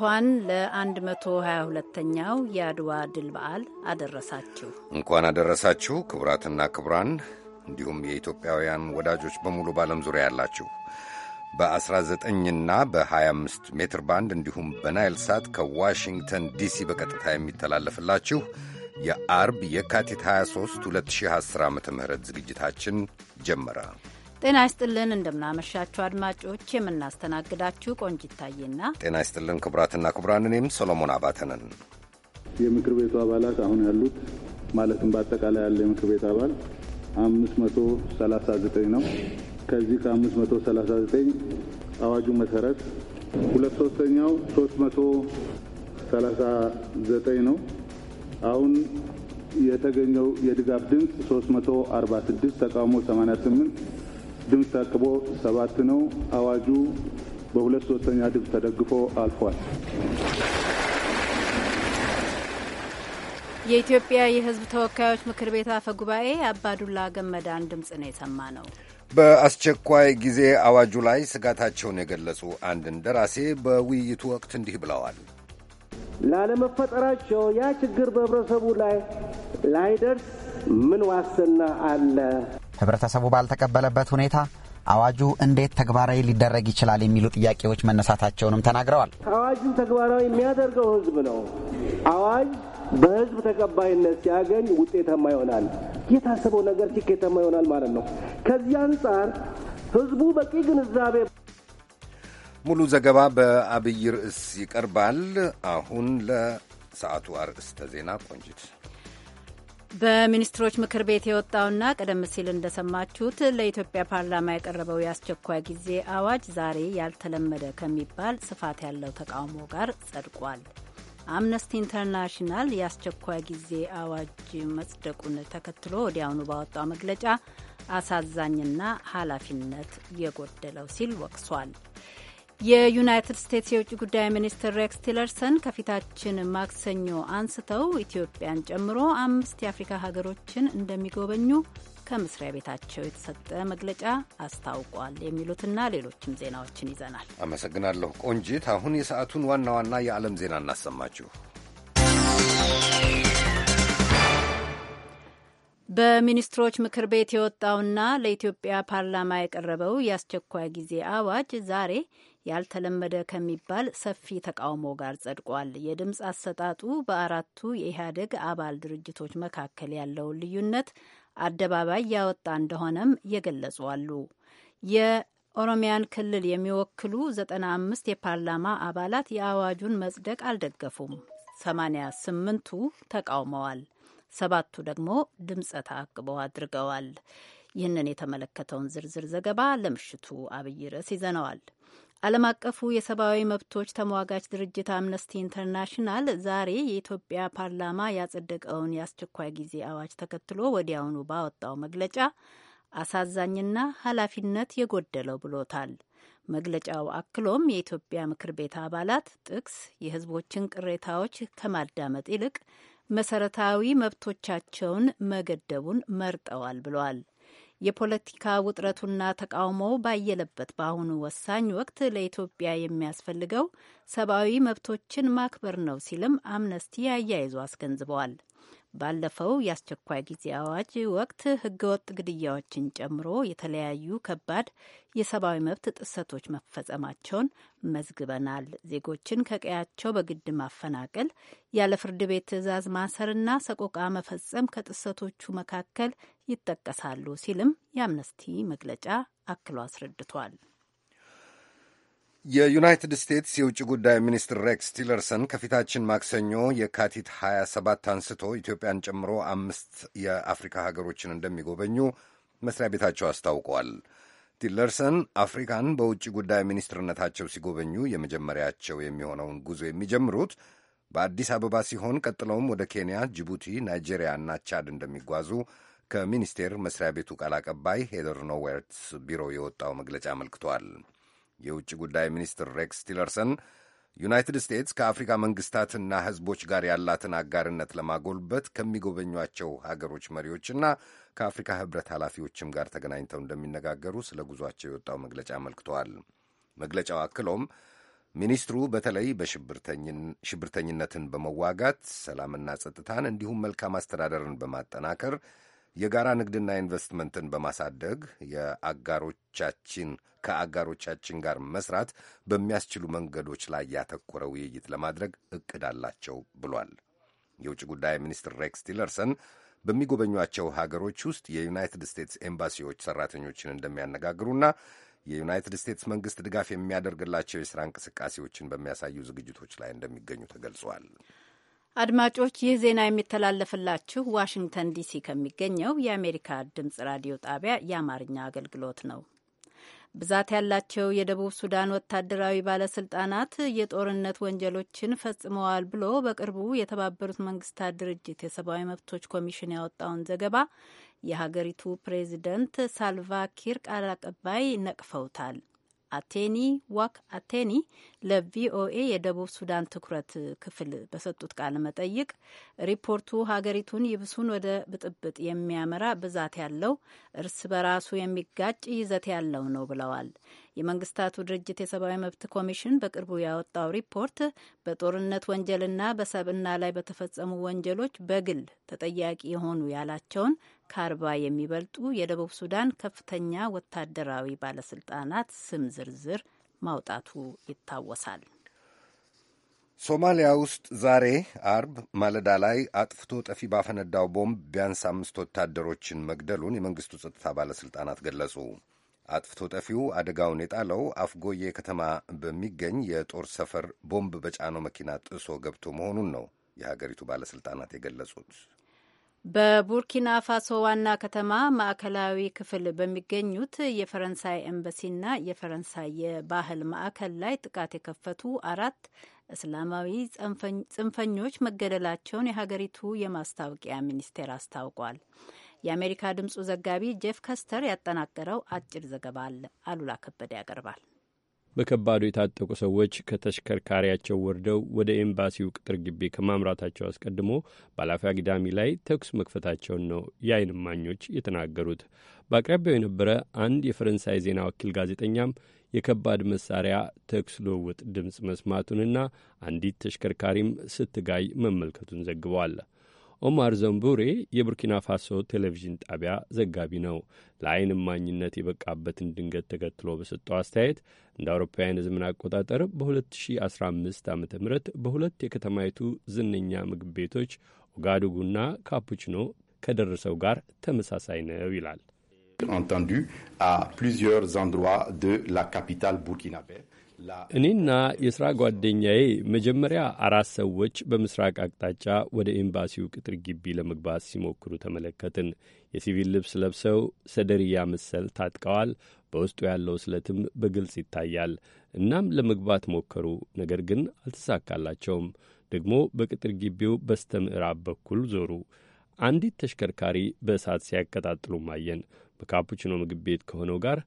እንኳን ለ122ኛው የአድዋ ድል በዓል አደረሳችሁ። እንኳን አደረሳችሁ ክቡራትና ክቡራን እንዲሁም የኢትዮጵያውያን ወዳጆች በሙሉ በዓለም ዙሪያ ያላችሁ በ19ና በ25 ሜትር ባንድ እንዲሁም በናይል ሳት ከዋሽንግተን ዲሲ በቀጥታ የሚተላለፍላችሁ የአርብ የካቲት 23 2010 ዓ ም ዝግጅታችን ጀመረ። ጤና ይስጥልን እንደምናመሻችሁ አድማጮች የምናስተናግዳችሁ ቆንጅ ታዬና ጤና ይስጥልን ክቡራትና ክቡራን እኔም ሰሎሞን አባተንን የምክር ቤቱ አባላት አሁን ያሉት ማለትም በአጠቃላይ ያለ የምክር ቤት አባል 539 ነው ከዚህ ከ539 አዋጁ መሰረት ሁለት ሶስተኛው 339 ነው አሁን የተገኘው የድጋፍ ድምፅ 346 ተቃውሞ 88 ድምፅ ታቅቦ ሰባት ነው። አዋጁ በሁለት ሶስተኛ ድምፅ ተደግፎ አልፏል። የኢትዮጵያ የሕዝብ ተወካዮች ምክር ቤት አፈ ጉባኤ አባዱላ ገመዳን ድምፅ ነው የሰማ ነው። በአስቸኳይ ጊዜ አዋጁ ላይ ስጋታቸውን የገለጹ አንድ እንደራሴ በውይይቱ ወቅት እንዲህ ብለዋል። ላለመፈጠራቸው ያ ችግር በህብረተሰቡ ላይ ላይደርስ ምን ዋስትና አለ ህብረተሰቡ ባልተቀበለበት ሁኔታ አዋጁ እንዴት ተግባራዊ ሊደረግ ይችላል የሚሉ ጥያቄዎች መነሳታቸውንም ተናግረዋል። አዋጁን ተግባራዊ የሚያደርገው ህዝብ ነው። አዋጅ በህዝብ ተቀባይነት ሲያገኝ ውጤታማ ይሆናል። የታሰበው ነገር ስኬታማ ይሆናል ማለት ነው። ከዚህ አንጻር ህዝቡ በቂ ግንዛቤ ሙሉ ዘገባ በአብይ ርዕስ ይቀርባል። አሁን ለሰዓቱ አርዕስተ ዜና ቆንጅት በሚኒስትሮች ምክር ቤት የወጣውና ቀደም ሲል እንደሰማችሁት ለኢትዮጵያ ፓርላማ የቀረበው የአስቸኳይ ጊዜ አዋጅ ዛሬ ያልተለመደ ከሚባል ስፋት ያለው ተቃውሞ ጋር ጸድቋል። አምነስቲ ኢንተርናሽናል የአስቸኳይ ጊዜ አዋጅ መጽደቁን ተከትሎ ወዲያውኑ ባወጣው መግለጫ አሳዛኝና ኃላፊነት የጎደለው ሲል ወቅሷል። የዩናይትድ ስቴትስ የውጭ ጉዳይ ሚኒስትር ሬክስ ቲለርሰን ከፊታችን ማክሰኞ አንስተው ኢትዮጵያን ጨምሮ አምስት የአፍሪካ ሀገሮችን እንደሚጎበኙ ከመስሪያ ቤታቸው የተሰጠ መግለጫ አስታውቋል። የሚሉትና ሌሎችም ዜናዎችን ይዘናል። አመሰግናለሁ ቆንጂት። አሁን የሰዓቱን ዋና ዋና የዓለም ዜና እናሰማችሁ። በሚኒስትሮች ምክር ቤት የወጣውና ለኢትዮጵያ ፓርላማ የቀረበው የአስቸኳይ ጊዜ አዋጅ ዛሬ ያልተለመደ ከሚባል ሰፊ ተቃውሞ ጋር ጸድቋል። የድምፅ አሰጣጡ በአራቱ የኢህአዴግ አባል ድርጅቶች መካከል ያለውን ልዩነት አደባባይ ያወጣ እንደሆነም የገለጹ አሉ። የኦሮሚያን ክልል የሚወክሉ ዘጠና አምስት የፓርላማ አባላት የአዋጁን መጽደቅ አልደገፉም። ሰማንያ ስምንቱ ተቃውመዋል። ሰባቱ ደግሞ ድምፀ ተአቅቦ አድርገዋል። ይህንን የተመለከተውን ዝርዝር ዘገባ ለምሽቱ አብይ ርዕስ ይዘነዋል። ዓለም አቀፉ የሰብአዊ መብቶች ተሟጋች ድርጅት አምነስቲ ኢንተርናሽናል ዛሬ የኢትዮጵያ ፓርላማ ያጸደቀውን የአስቸኳይ ጊዜ አዋጅ ተከትሎ ወዲያውኑ ባወጣው መግለጫ አሳዛኝና ኃላፊነት የጎደለው ብሎታል። መግለጫው አክሎም የኢትዮጵያ ምክር ቤት አባላት ጥቅስ የሕዝቦችን ቅሬታዎች ከማዳመጥ ይልቅ መሰረታዊ መብቶቻቸውን መገደቡን መርጠዋል ብሏል። የፖለቲካ ውጥረቱና ተቃውሞው ባየለበት በአሁኑ ወሳኝ ወቅት ለኢትዮጵያ የሚያስፈልገው ሰብአዊ መብቶችን ማክበር ነው ሲልም አምነስቲ አያይዞ አስገንዝበዋል። ባለፈው የአስቸኳይ ጊዜ አዋጅ ወቅት ህገወጥ ግድያዎችን ጨምሮ የተለያዩ ከባድ የሰብአዊ መብት ጥሰቶች መፈጸማቸውን መዝግበናል። ዜጎችን ከቀያቸው በግድ ማፈናቀል፣ ያለ ፍርድ ቤት ትዕዛዝ ማሰርና ሰቆቃ መፈጸም ከጥሰቶቹ መካከል ይጠቀሳሉ ሲልም የአምነስቲ መግለጫ አክሎ አስረድቷል። የዩናይትድ ስቴትስ የውጭ ጉዳይ ሚኒስትር ሬክስ ቲለርሰን ከፊታችን ማክሰኞ የካቲት 27 አንስቶ ኢትዮጵያን ጨምሮ አምስት የአፍሪካ ሀገሮችን እንደሚጎበኙ መስሪያ ቤታቸው አስታውቀዋል። ቲለርሰን አፍሪካን በውጭ ጉዳይ ሚኒስትርነታቸው ሲጎበኙ የመጀመሪያቸው የሚሆነውን ጉዞ የሚጀምሩት በአዲስ አበባ ሲሆን ቀጥለውም ወደ ኬንያ፣ ጅቡቲ፣ ናይጄሪያ እና ቻድ እንደሚጓዙ ከሚኒስቴር መስሪያ ቤቱ ቃል አቀባይ ሄደር ኖዌርትስ ቢሮ የወጣው መግለጫ አመልክቷል። የውጭ ጉዳይ ሚኒስትር ሬክስ ቲለርሰን ዩናይትድ ስቴትስ ከአፍሪካ መንግስታትና ህዝቦች ጋር ያላትን አጋርነት ለማጎልበት ከሚጎበኟቸው ሀገሮች መሪዎችና ከአፍሪካ ህብረት ኃላፊዎችም ጋር ተገናኝተው እንደሚነጋገሩ ስለ ጉዟቸው የወጣው መግለጫ አመልክተዋል። መግለጫው አክሎም ሚኒስትሩ በተለይ በሽብርተኝነትን በመዋጋት ሰላምና ጸጥታን እንዲሁም መልካም አስተዳደርን በማጠናከር የጋራ ንግድና ኢንቨስትመንትን በማሳደግ የአጋሮቻችን ከአጋሮቻችን ጋር መስራት በሚያስችሉ መንገዶች ላይ ያተኮረ ውይይት ለማድረግ እቅድ አላቸው ብሏል። የውጭ ጉዳይ ሚኒስትር ሬክስ ቲለርሰን በሚጎበኟቸው ሀገሮች ውስጥ የዩናይትድ ስቴትስ ኤምባሲዎች ሠራተኞችን እንደሚያነጋግሩና የዩናይትድ ስቴትስ መንግስት ድጋፍ የሚያደርግላቸው የሥራ እንቅስቃሴዎችን በሚያሳዩ ዝግጅቶች ላይ እንደሚገኙ ተገልጿል። አድማጮች ይህ ዜና የሚተላለፍላችሁ ዋሽንግተን ዲሲ ከሚገኘው የአሜሪካ ድምጽ ራዲዮ ጣቢያ የአማርኛ አገልግሎት ነው። ብዛት ያላቸው የደቡብ ሱዳን ወታደራዊ ባለስልጣናት የጦርነት ወንጀሎችን ፈጽመዋል ብሎ በቅርቡ የተባበሩት መንግስታት ድርጅት የሰብአዊ መብቶች ኮሚሽን ያወጣውን ዘገባ የሀገሪቱ ፕሬዚደንት ሳልቫኪር ኪር ቃል አቀባይ ነቅፈውታል። አቴኒ ዋክ አቴኒ ለቪኦኤ የደቡብ ሱዳን ትኩረት ክፍል በሰጡት ቃለ መጠይቅ ሪፖርቱ ሀገሪቱን ይብሱን ወደ ብጥብጥ የሚያመራ ብዛት ያለው እርስ በራሱ የሚጋጭ ይዘት ያለው ነው ብለዋል። የመንግስታቱ ድርጅት የሰብአዊ መብት ኮሚሽን በቅርቡ ያወጣው ሪፖርት በጦርነት ወንጀልና በሰብና ላይ በተፈጸሙ ወንጀሎች በግል ተጠያቂ የሆኑ ያላቸውን ከአርባ የሚበልጡ የደቡብ ሱዳን ከፍተኛ ወታደራዊ ባለስልጣናት ስም ዝርዝር ማውጣቱ ይታወሳል። ሶማሊያ ውስጥ ዛሬ አርብ ማለዳ ላይ አጥፍቶ ጠፊ ባፈነዳው ቦምብ ቢያንስ አምስት ወታደሮችን መግደሉን የመንግስቱ ጸጥታ ባለስልጣናት ገለጹ። አጥፍቶ ጠፊው አደጋውን የጣለው አፍጎዬ ከተማ በሚገኝ የጦር ሰፈር ቦምብ በጫነው መኪና ጥሶ ገብቶ መሆኑን ነው የሀገሪቱ ባለስልጣናት የገለጹት። በቡርኪና ፋሶ ዋና ከተማ ማዕከላዊ ክፍል በሚገኙት የፈረንሳይ ኤምባሲና የፈረንሳይ የባህል ማዕከል ላይ ጥቃት የከፈቱ አራት እስላማዊ ጽንፈኞች መገደላቸውን የሀገሪቱ የማስታወቂያ ሚኒስቴር አስታውቋል። የአሜሪካ ድምፁ ዘጋቢ ጄፍ ከስተር ያጠናቀረው አጭር ዘገባ አለ። አሉላ ከበደ ያቀርባል። በከባዱ የታጠቁ ሰዎች ከተሽከርካሪያቸው ወርደው ወደ ኤምባሲው ቅጥር ግቢ ከማምራታቸው አስቀድሞ በአላፊ አግዳሚ ላይ ተኩስ መክፈታቸውን ነው የአይን እማኞች የተናገሩት። በአቅራቢያው የነበረ አንድ የፈረንሳይ ዜና ወኪል ጋዜጠኛም የከባድ መሳሪያ ተኩስ ልውውጥ ድምፅ መስማቱንና አንዲት ተሽከርካሪም ስትጋይ መመልከቱን ዘግበዋል። ኦማር ዘምቡሬ የቡርኪና ፋሶ ቴሌቪዥን ጣቢያ ዘጋቢ ነው። ለአይን እማኝነት የበቃበትን ድንገት ተከትሎ በሰጠው አስተያየት እንደ አውሮፓውያን የዘመን አቆጣጠር በ2015 ዓ ም በሁለት የከተማይቱ ዝነኛ ምግብ ቤቶች ኦጋዱጉና ካፑችኖ ከደረሰው ጋር ተመሳሳይ ነው ይላል። entendu à plusieurs endroits de la capitale burkinabé እኔና የሥራ ጓደኛዬ መጀመሪያ አራት ሰዎች በምስራቅ አቅጣጫ ወደ ኤምባሲው ቅጥር ግቢ ለመግባት ሲሞክሩ ተመለከትን። የሲቪል ልብስ ለብሰው ሰደርያ መሰል ታጥቀዋል። በውስጡ ያለው ስለትም በግልጽ ይታያል። እናም ለመግባት ሞከሩ፣ ነገር ግን አልተሳካላቸውም። ደግሞ በቅጥር ግቢው በስተ ምዕራብ በኩል ዞሩ። አንዲት ተሽከርካሪ በእሳት ሲያቀጣጥሉም አየን። በካፑችኖ ምግብ ቤት ከሆነው ጋር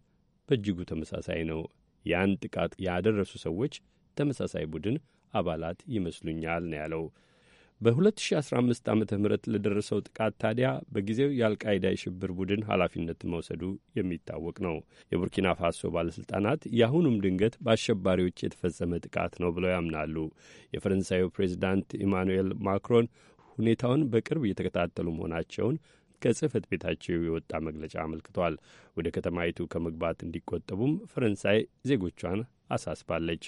በእጅጉ ተመሳሳይ ነው። ያን ጥቃት ያደረሱ ሰዎች ተመሳሳይ ቡድን አባላት ይመስሉኛል ነው ያለው። በ2015 ዓ ም ለደረሰው ጥቃት ታዲያ በጊዜው የአልቃይዳ የሽብር ቡድን ኃላፊነት መውሰዱ የሚታወቅ ነው። የቡርኪና ፋሶ ባለሥልጣናት የአሁኑም ድንገት በአሸባሪዎች የተፈጸመ ጥቃት ነው ብለው ያምናሉ። የፈረንሳዩ ፕሬዚዳንት ኢማኑኤል ማክሮን ሁኔታውን በቅርብ እየተከታተሉ መሆናቸውን ከጽህፈት ቤታቸው የወጣ መግለጫ አመልክቷል። ወደ ከተማይቱ ከመግባት እንዲቆጠቡም ፈረንሳይ ዜጎቿን አሳስባለች።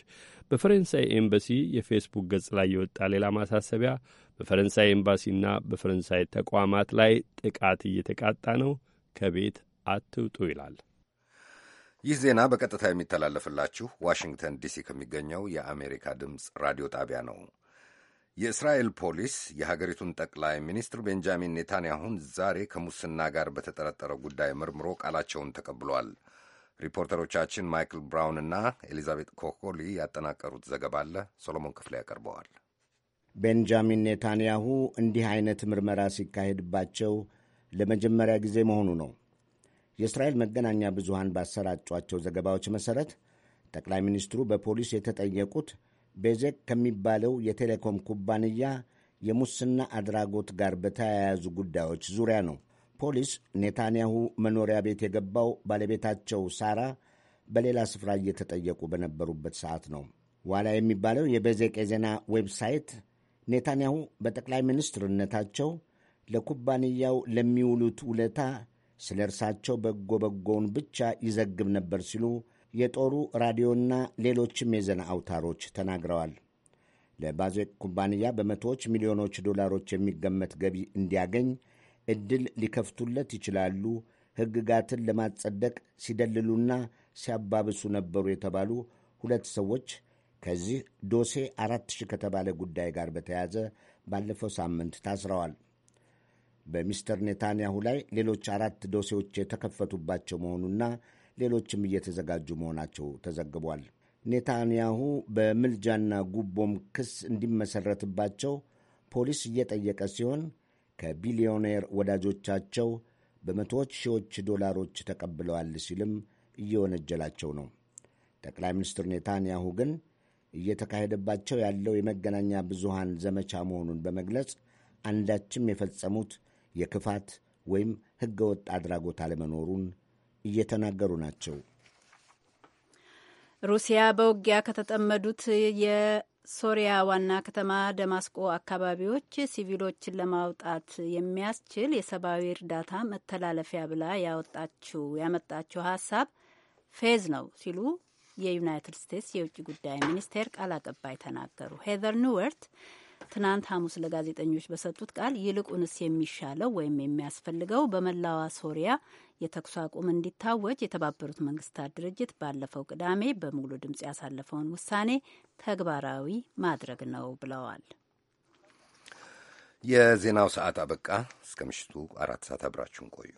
በፈረንሳይ ኤምባሲ የፌስቡክ ገጽ ላይ የወጣ ሌላ ማሳሰቢያ በፈረንሳይ ኤምባሲና በፈረንሳይ ተቋማት ላይ ጥቃት እየተቃጣ ነው፣ ከቤት አትውጡ ይላል። ይህ ዜና በቀጥታ የሚተላለፍላችሁ ዋሽንግተን ዲሲ ከሚገኘው የአሜሪካ ድምፅ ራዲዮ ጣቢያ ነው። የእስራኤል ፖሊስ የሀገሪቱን ጠቅላይ ሚኒስትር ቤንጃሚን ኔታንያሁን ዛሬ ከሙስና ጋር በተጠረጠረ ጉዳይ መርምሮ ቃላቸውን ተቀብሏል። ሪፖርተሮቻችን ማይክል ብራውን እና ኤሊዛቤት ኮኮሊ ያጠናቀሩት ዘገባ አለ። ሶሎሞን ክፍሌ ያቀርበዋል። ቤንጃሚን ኔታንያሁ እንዲህ አይነት ምርመራ ሲካሄድባቸው ለመጀመሪያ ጊዜ መሆኑ ነው። የእስራኤል መገናኛ ብዙሃን ባሰራጯቸው ዘገባዎች መሠረት ጠቅላይ ሚኒስትሩ በፖሊስ የተጠየቁት ቤዜክ ከሚባለው የቴሌኮም ኩባንያ የሙስና አድራጎት ጋር በተያያዙ ጉዳዮች ዙሪያ ነው። ፖሊስ ኔታንያሁ መኖሪያ ቤት የገባው ባለቤታቸው ሳራ በሌላ ስፍራ እየተጠየቁ በነበሩበት ሰዓት ነው። ዋላ የሚባለው የቤዜቅ የዜና ዌብሳይት ኔታንያሁ በጠቅላይ ሚኒስትርነታቸው ለኩባንያው ለሚውሉት ውለታ ስለ እርሳቸው በጎ በጎውን ብቻ ይዘግብ ነበር ሲሉ የጦሩ ራዲዮና ሌሎችም የዜና አውታሮች ተናግረዋል። ለባዜቅ ኩባንያ በመቶዎች ሚሊዮኖች ዶላሮች የሚገመት ገቢ እንዲያገኝ እድል ሊከፍቱለት ይችላሉ። ሕግጋትን ለማጸደቅ ሲደልሉና ሲያባብሱ ነበሩ የተባሉ ሁለት ሰዎች ከዚህ ዶሴ አራት ሺህ ከተባለ ጉዳይ ጋር በተያያዘ ባለፈው ሳምንት ታስረዋል። በሚስተር ኔታንያሁ ላይ ሌሎች አራት ዶሴዎች የተከፈቱባቸው መሆኑና ሌሎችም እየተዘጋጁ መሆናቸው ተዘግቧል። ኔታንያሁ በምልጃና ጉቦም ክስ እንዲመሠረትባቸው ፖሊስ እየጠየቀ ሲሆን ከቢሊዮኔር ወዳጆቻቸው በመቶዎች ሺዎች ዶላሮች ተቀብለዋል ሲልም እየወነጀላቸው ነው። ጠቅላይ ሚኒስትር ኔታንያሁ ግን እየተካሄደባቸው ያለው የመገናኛ ብዙሃን ዘመቻ መሆኑን በመግለጽ አንዳችም የፈጸሙት የክፋት ወይም ሕገወጥ አድራጎት አለመኖሩን እየተናገሩ ናቸው። ሩሲያ በውጊያ ከተጠመዱት የሶሪያ ዋና ከተማ ደማስቆ አካባቢዎች ሲቪሎችን ለማውጣት የሚያስችል የሰብአዊ እርዳታ መተላለፊያ ብላ ያወጣችው ያመጣችው ሀሳብ ፌዝ ነው ሲሉ የዩናይትድ ስቴትስ የውጭ ጉዳይ ሚኒስቴር ቃል አቀባይ ተናገሩ። ሄዘር ኒወርት ትናንት ሐሙስ ለጋዜጠኞች በሰጡት ቃል ይልቁንስ የሚሻለው ወይም የሚያስፈልገው በመላዋ ሶሪያ የተኩስ አቁም እንዲታወጅ የተባበሩት መንግስታት ድርጅት ባለፈው ቅዳሜ በሙሉ ድምፅ ያሳለፈውን ውሳኔ ተግባራዊ ማድረግ ነው ብለዋል። የዜናው ሰዓት አበቃ። እስከ ምሽቱ አራት ሰዓት አብራችሁን ቆዩ።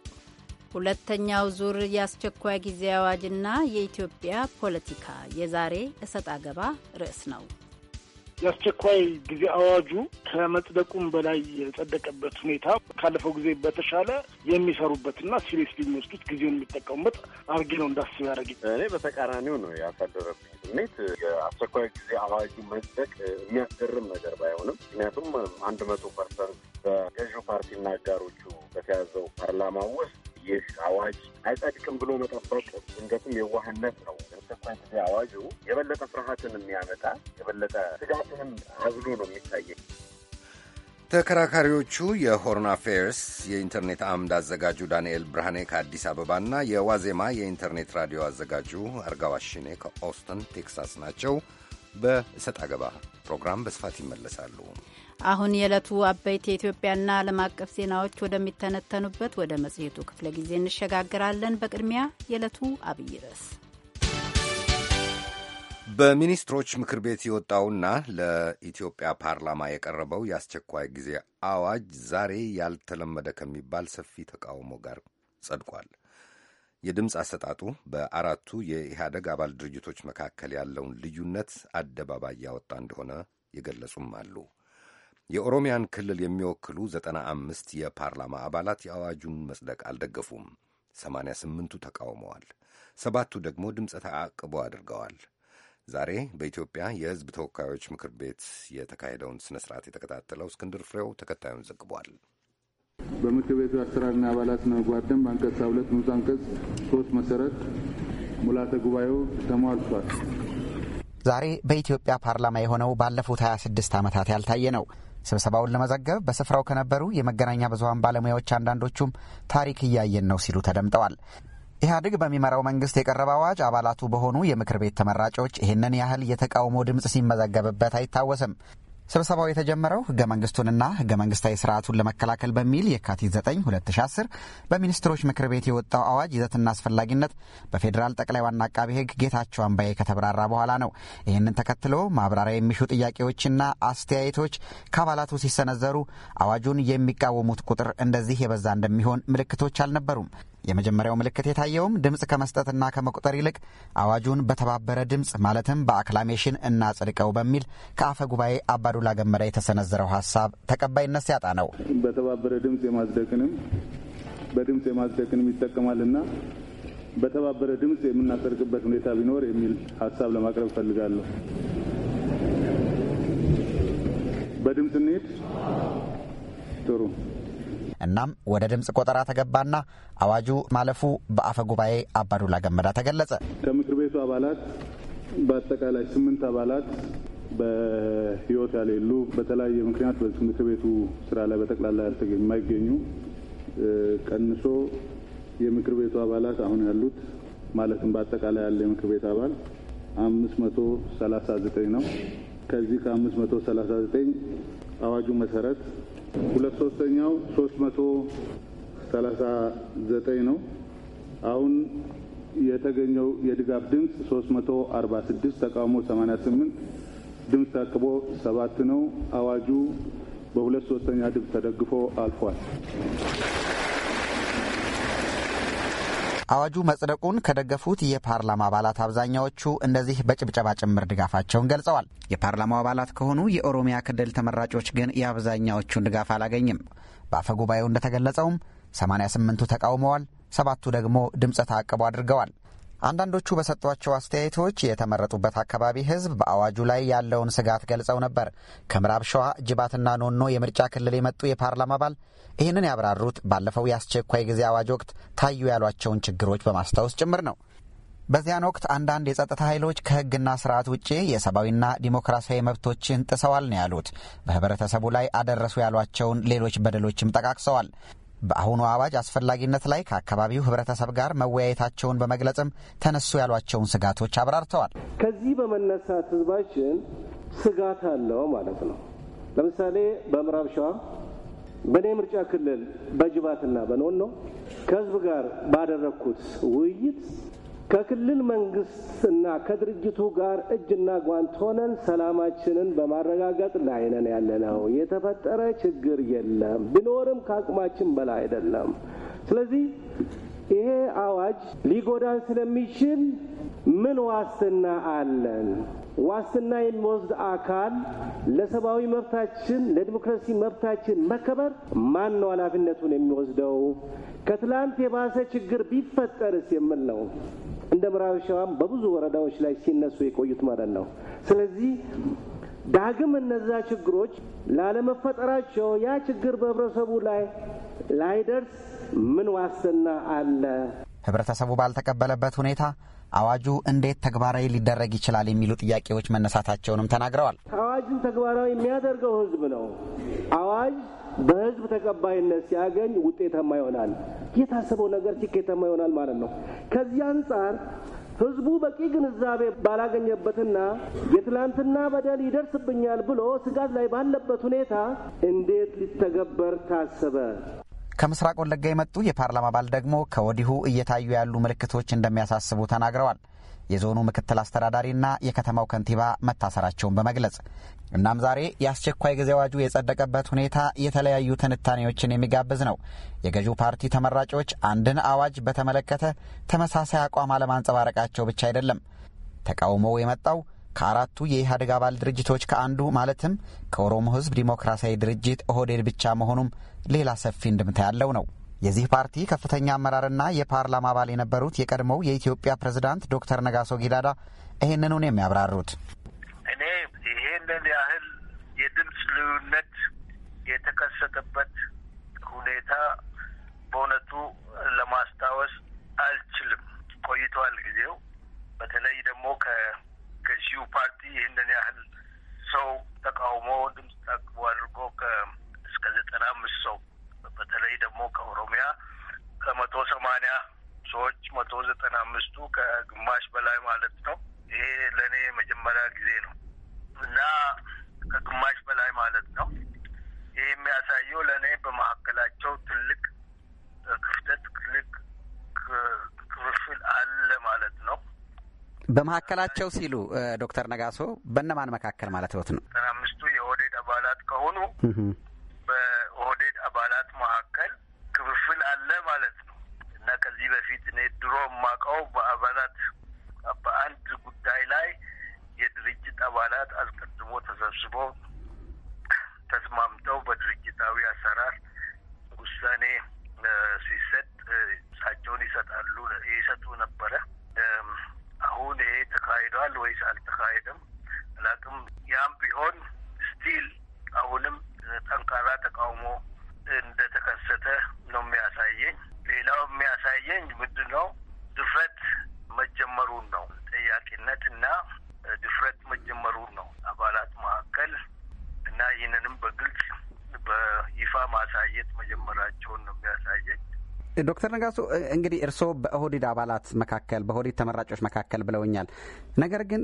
ሁለተኛው ዙር የአስቸኳይ ጊዜ አዋጅና የኢትዮጵያ ፖለቲካ የዛሬ እሰጥ አገባ ርዕስ ነው። የአስቸኳይ ጊዜ አዋጁ ከመጽደቁም በላይ የጸደቀበት ሁኔታ ካለፈው ጊዜ በተሻለ የሚሰሩበትና ሲሪስ የሚወስዱት ጊዜውን የሚጠቀሙበት አርጌ ነው እንዳስብ ያደረግ። እኔ በተቃራኒው ነው ያሳደረብኝ ስሜት። የአስቸኳይ ጊዜ አዋጁ መጽደቅ የሚያስገርም ነገር ባይሆንም ምክንያቱም አንድ መቶ ፐርሰንት በገዢው ፓርቲና አጋሮቹ በተያዘው ፓርላማ ውስጥ ይህ አዋጅ አይጸድቅም ብሎ መጠበቅ እንደትም የዋህነት ነው። አስቸኳይ ጊዜ አዋጁ የበለጠ ፍርሃትን የሚያመጣ የበለጠ ስጋትንም አዝሎ ነው የሚታየኝ። ተከራካሪዎቹ የሆርን አፌርስ የኢንተርኔት አምድ አዘጋጁ ዳንኤል ብርሃኔ ከአዲስ አበባና የዋዜማ የኢንተርኔት ራዲዮ አዘጋጁ አርጋዋሽኔ ከኦስተን ቴክሳስ ናቸው። በእሰጥ አገባ ፕሮግራም በስፋት ይመለሳሉ። አሁን የዕለቱ አበይት የኢትዮጵያና ዓለም አቀፍ ዜናዎች ወደሚተነተኑበት ወደ መጽሔቱ ክፍለ ጊዜ እንሸጋግራለን። በቅድሚያ የዕለቱ አብይ ርዕስ በሚኒስትሮች ምክር ቤት የወጣውና ለኢትዮጵያ ፓርላማ የቀረበው የአስቸኳይ ጊዜ አዋጅ ዛሬ ያልተለመደ ከሚባል ሰፊ ተቃውሞ ጋር ጸድቋል። የድምፅ አሰጣጡ በአራቱ የኢህአደግ አባል ድርጅቶች መካከል ያለውን ልዩነት አደባባይ ያወጣ እንደሆነ የገለጹም አሉ። የኦሮሚያን ክልል የሚወክሉ ዘጠና አምስት የፓርላማ አባላት የአዋጁን መጽደቅ አልደገፉም። ሰማንያ ስምንቱ ተቃውመዋል። ሰባቱ ደግሞ ድምፀ ተአቅቦ አድርገዋል። ዛሬ በኢትዮጵያ የሕዝብ ተወካዮች ምክር ቤት የተካሄደውን ስነ ስርዓት የተከታተለው እስክንድር ፍሬው ተከታዩን ዘግቧል። በምክር ቤቱ አሰራርና አባላት ስነ ምግባር ደንብ አንቀጽ ሁለት ንዑስ አንቀጽ ሶስት መሰረት ሙላተ ጉባኤው ተሟልቷል። ዛሬ በኢትዮጵያ ፓርላማ የሆነው ባለፉት 26 ዓመታት ያልታየ ነው። ስብሰባውን ለመዘገብ በስፍራው ከነበሩ የመገናኛ ብዙሀን ባለሙያዎች አንዳንዶቹም ታሪክ እያየን ነው ሲሉ ተደምጠዋል። ኢህአዴግ በሚመራው መንግስት የቀረበ አዋጅ አባላቱ በሆኑ የምክር ቤት ተመራጮች ይህንን ያህል የተቃውሞ ድምፅ ሲመዘገብበት አይታወስም። ስብሰባው የተጀመረው ህገ መንግስቱንና ህገ መንግስታዊ ስርዓቱን ለመከላከል በሚል የካቲት 9 2010 በሚኒስትሮች ምክር ቤት የወጣው አዋጅ ይዘትና አስፈላጊነት በፌዴራል ጠቅላይ ዋና አቃቤ ህግ ጌታቸው አምባዬ ከተብራራ በኋላ ነው። ይህንን ተከትሎ ማብራሪያ የሚሹ ጥያቄዎችና አስተያየቶች ከአባላቱ ሲሰነዘሩ አዋጁን የሚቃወሙት ቁጥር እንደዚህ የበዛ እንደሚሆን ምልክቶች አልነበሩም። የመጀመሪያው ምልክት የታየውም ድምፅ ከመስጠትና ከመቁጠር ይልቅ አዋጁን በተባበረ ድምፅ ማለትም በአክላሜሽን እናጽድቀው በሚል ከአፈ ጉባኤ አባዱላ ገመዳ የተሰነዘረው ሀሳብ ተቀባይነት ሲያጣ ነው። በተባበረ ድምፅ የማጽደቅንም በድምፅ የማጽደቅንም ይጠቀማልና በተባበረ ድምፅ የምናጸድቅበት ሁኔታ ቢኖር የሚል ሀሳብ ለማቅረብ እፈልጋለሁ። በድምፅ እንሄድ ጥሩ እናም ወደ ድምፅ ቆጠራ ተገባና አዋጁ ማለፉ በአፈ ጉባኤ አባዱላ ገመዳ ተገለጸ። ከምክር ቤቱ አባላት በአጠቃላይ ስምንት አባላት በህይወት ያሌሉ በተለያየ ምክንያት ምክር ቤቱ ስራ ላይ በጠቅላላ የማይገኙ ቀንሶ የምክር ቤቱ አባላት አሁን ያሉት ማለትም በአጠቃላይ ያለ የምክር ቤት አባል አምስት መቶ ሰላሳ ዘጠኝ ነው። ከዚህ ከአምስት መቶ ሰላሳ ዘጠኝ አዋጁ መሰረት ሁለት ሶስተኛው ሶስት መቶ ሰላሳ ዘጠኝ ነው። አሁን የተገኘው የድጋፍ ድምፅ ሶስት መቶ አርባ ስድስት ተቃውሞ ሰማንያ ስምንት ድምፅ ታቅቦ ሰባት ነው። አዋጁ በሁለት ሶስተኛ ድምፅ ተደግፎ አልፏል። አዋጁ መጽደቁን ከደገፉት የፓርላማ አባላት አብዛኛዎቹ እንደዚህ በጭብጨባ ጭምር ድጋፋቸውን ገልጸዋል። የፓርላማው አባላት ከሆኑ የኦሮሚያ ክልል ተመራጮች ግን የአብዛኛዎቹን ድጋፍ አላገኝም። በአፈ ጉባኤው እንደተገለጸውም 88ቱ ተቃውመዋል፣ ሰባቱ ደግሞ ድምፀ ተአቅቦ አድርገዋል። አንዳንዶቹ በሰጧቸው አስተያየቶች የተመረጡበት አካባቢ ህዝብ በአዋጁ ላይ ያለውን ስጋት ገልጸው ነበር። ከምዕራብ ሸዋ ጅባትና ኖኖ የምርጫ ክልል የመጡ የፓርላማ አባል ይህንን ያብራሩት ባለፈው የአስቸኳይ ጊዜ አዋጅ ወቅት ታዩ ያሏቸውን ችግሮች በማስታወስ ጭምር ነው። በዚያን ወቅት አንዳንድ የጸጥታ ኃይሎች ከህግና ስርዓት ውጪ የሰብአዊና ዲሞክራሲያዊ መብቶችን ጥሰዋል ነው ያሉት። በህብረተሰቡ ላይ አደረሱ ያሏቸውን ሌሎች በደሎችም ጠቃቅሰዋል። በአሁኑ አዋጅ አስፈላጊነት ላይ ከአካባቢው ህብረተሰብ ጋር መወያየታቸውን በመግለጽም ተነሱ ያሏቸውን ስጋቶች አብራርተዋል። ከዚህ በመነሳት ህዝባችን ስጋት አለው ማለት ነው። ለምሳሌ በምዕራብ ሸዋ በእኔ ምርጫ ክልል በጅባትና በኖኖ ከህዝብ ጋር ባደረግኩት ውይይት ከክልል መንግስትና ከድርጅቱ ጋር እጅና ጓንት ሆነን ሰላማችንን በማረጋገጥ ላይ ነን ነው። የተፈጠረ ችግር የለም፣ ቢኖርም ከአቅማችን በላይ አይደለም። ስለዚህ ይሄ አዋጅ ሊጎዳን ስለሚችል ምን ዋስትና አለን? ዋስትና የሚወስድ አካል ለሰብአዊ መብታችን ለዲሞክራሲ መብታችን መከበር ማን ነው ኃላፊነቱን የሚወስደው? ከትላንት የባሰ ችግር ቢፈጠርስ የምል ነው። እንደ ምዕራብ ሸዋም በብዙ ወረዳዎች ላይ ሲነሱ የቆዩት ማለት ነው። ስለዚህ ዳግም እነዛ ችግሮች ላለመፈጠራቸው ያ ችግር በህብረተሰቡ ላይ ላይደርስ ምን ዋስትና አለ? ህብረተሰቡ ባልተቀበለበት ሁኔታ አዋጁ እንዴት ተግባራዊ ሊደረግ ይችላል የሚሉ ጥያቄዎች መነሳታቸውንም ተናግረዋል። አዋጁን ተግባራዊ የሚያደርገው ህዝብ ነው። አዋጅ በህዝብ ተቀባይነት ሲያገኝ ውጤታማ ይሆናል። የታሰበው ነገር ስኬታማ ይሆናል ማለት ነው። ከዚህ አንጻር ህዝቡ በቂ ግንዛቤ ባላገኘበትና የትላንትና በደል ይደርስብኛል ብሎ ስጋት ላይ ባለበት ሁኔታ እንዴት ሊተገበር ታሰበ? ከምስራቅ ወለጋ የመጡ የፓርላማ አባል ደግሞ ከወዲሁ እየታዩ ያሉ ምልክቶች እንደሚያሳስቡ ተናግረዋል። የዞኑ ምክትል አስተዳዳሪና የከተማው ከንቲባ መታሰራቸውን በመግለጽ እናም ዛሬ የአስቸኳይ ጊዜ አዋጁ የጸደቀበት ሁኔታ የተለያዩ ትንታኔዎችን የሚጋብዝ ነው። የገዢው ፓርቲ ተመራጮች አንድን አዋጅ በተመለከተ ተመሳሳይ አቋም አለማንጸባረቃቸው ብቻ አይደለም። ተቃውሞው የመጣው ከአራቱ የኢህአዴግ አባል ድርጅቶች ከአንዱ ማለትም ከኦሮሞ ህዝብ ዲሞክራሲያዊ ድርጅት ኦህዴድ ብቻ መሆኑም ሌላ ሰፊ እንድምታ ያለው ነው። የዚህ ፓርቲ ከፍተኛ አመራርና የፓርላማ አባል የነበሩት የቀድሞው የኢትዮጵያ ፕሬዝዳንት ዶክተር ነጋሶ ጊዳዳ ይህንኑን የሚያብራሩት እኔ ይህንን ያህል የድምፅ ልዩነት የተከሰተበት ሁኔታ በእውነቱ ለማስታወስ አልችልም። ቆይተዋል ጊዜው። በተለይ ደግሞ ከገዢው ፓርቲ ይህንን ያህል ሰው ተቃውሞ ድምፅ ታቅቦ አድርጎ እስከ ዘጠና አምስት ሰው በተለይ ደግሞ ከኦሮሚያ ከመቶ ሰማኒያ ሰዎች መቶ ዘጠና አምስቱ ከግማሽ በላይ ማለት ነው። ይሄ ለእኔ የመጀመሪያ ጊዜ ነው እና ከግማሽ በላይ ማለት ነው። ይህ የሚያሳየው ለእኔ በመካከላቸው ትልቅ ክፍተት፣ ትልቅ ክፍፍል አለ ማለት ነው። በመካከላቸው ሲሉ ዶክተር ነጋሶ በእነማን መካከል ማለት ነው? ዘጠና አምስቱ የኦህዴድ አባላት ከሆኑ በኦህዴድ አባላት ማለት ነው እና ከዚህ በፊት እኔ ድሮ ማቀው በአባላት በአንድ ጉዳይ ላይ የድርጅት አባላት አስቀድሞ ተሰብስቦ ተስማምተው በድርጅታዊ አሰራር ውሳኔ ሲሰጥ እሳቸውን ይሰጣሉ ይሰጡ ነበረ። ዶክተር ነጋሶ እንግዲህ እርስዎ በኦህዴድ አባላት መካከል በኦህዴድ ተመራጮች መካከል ብለውኛል። ነገር ግን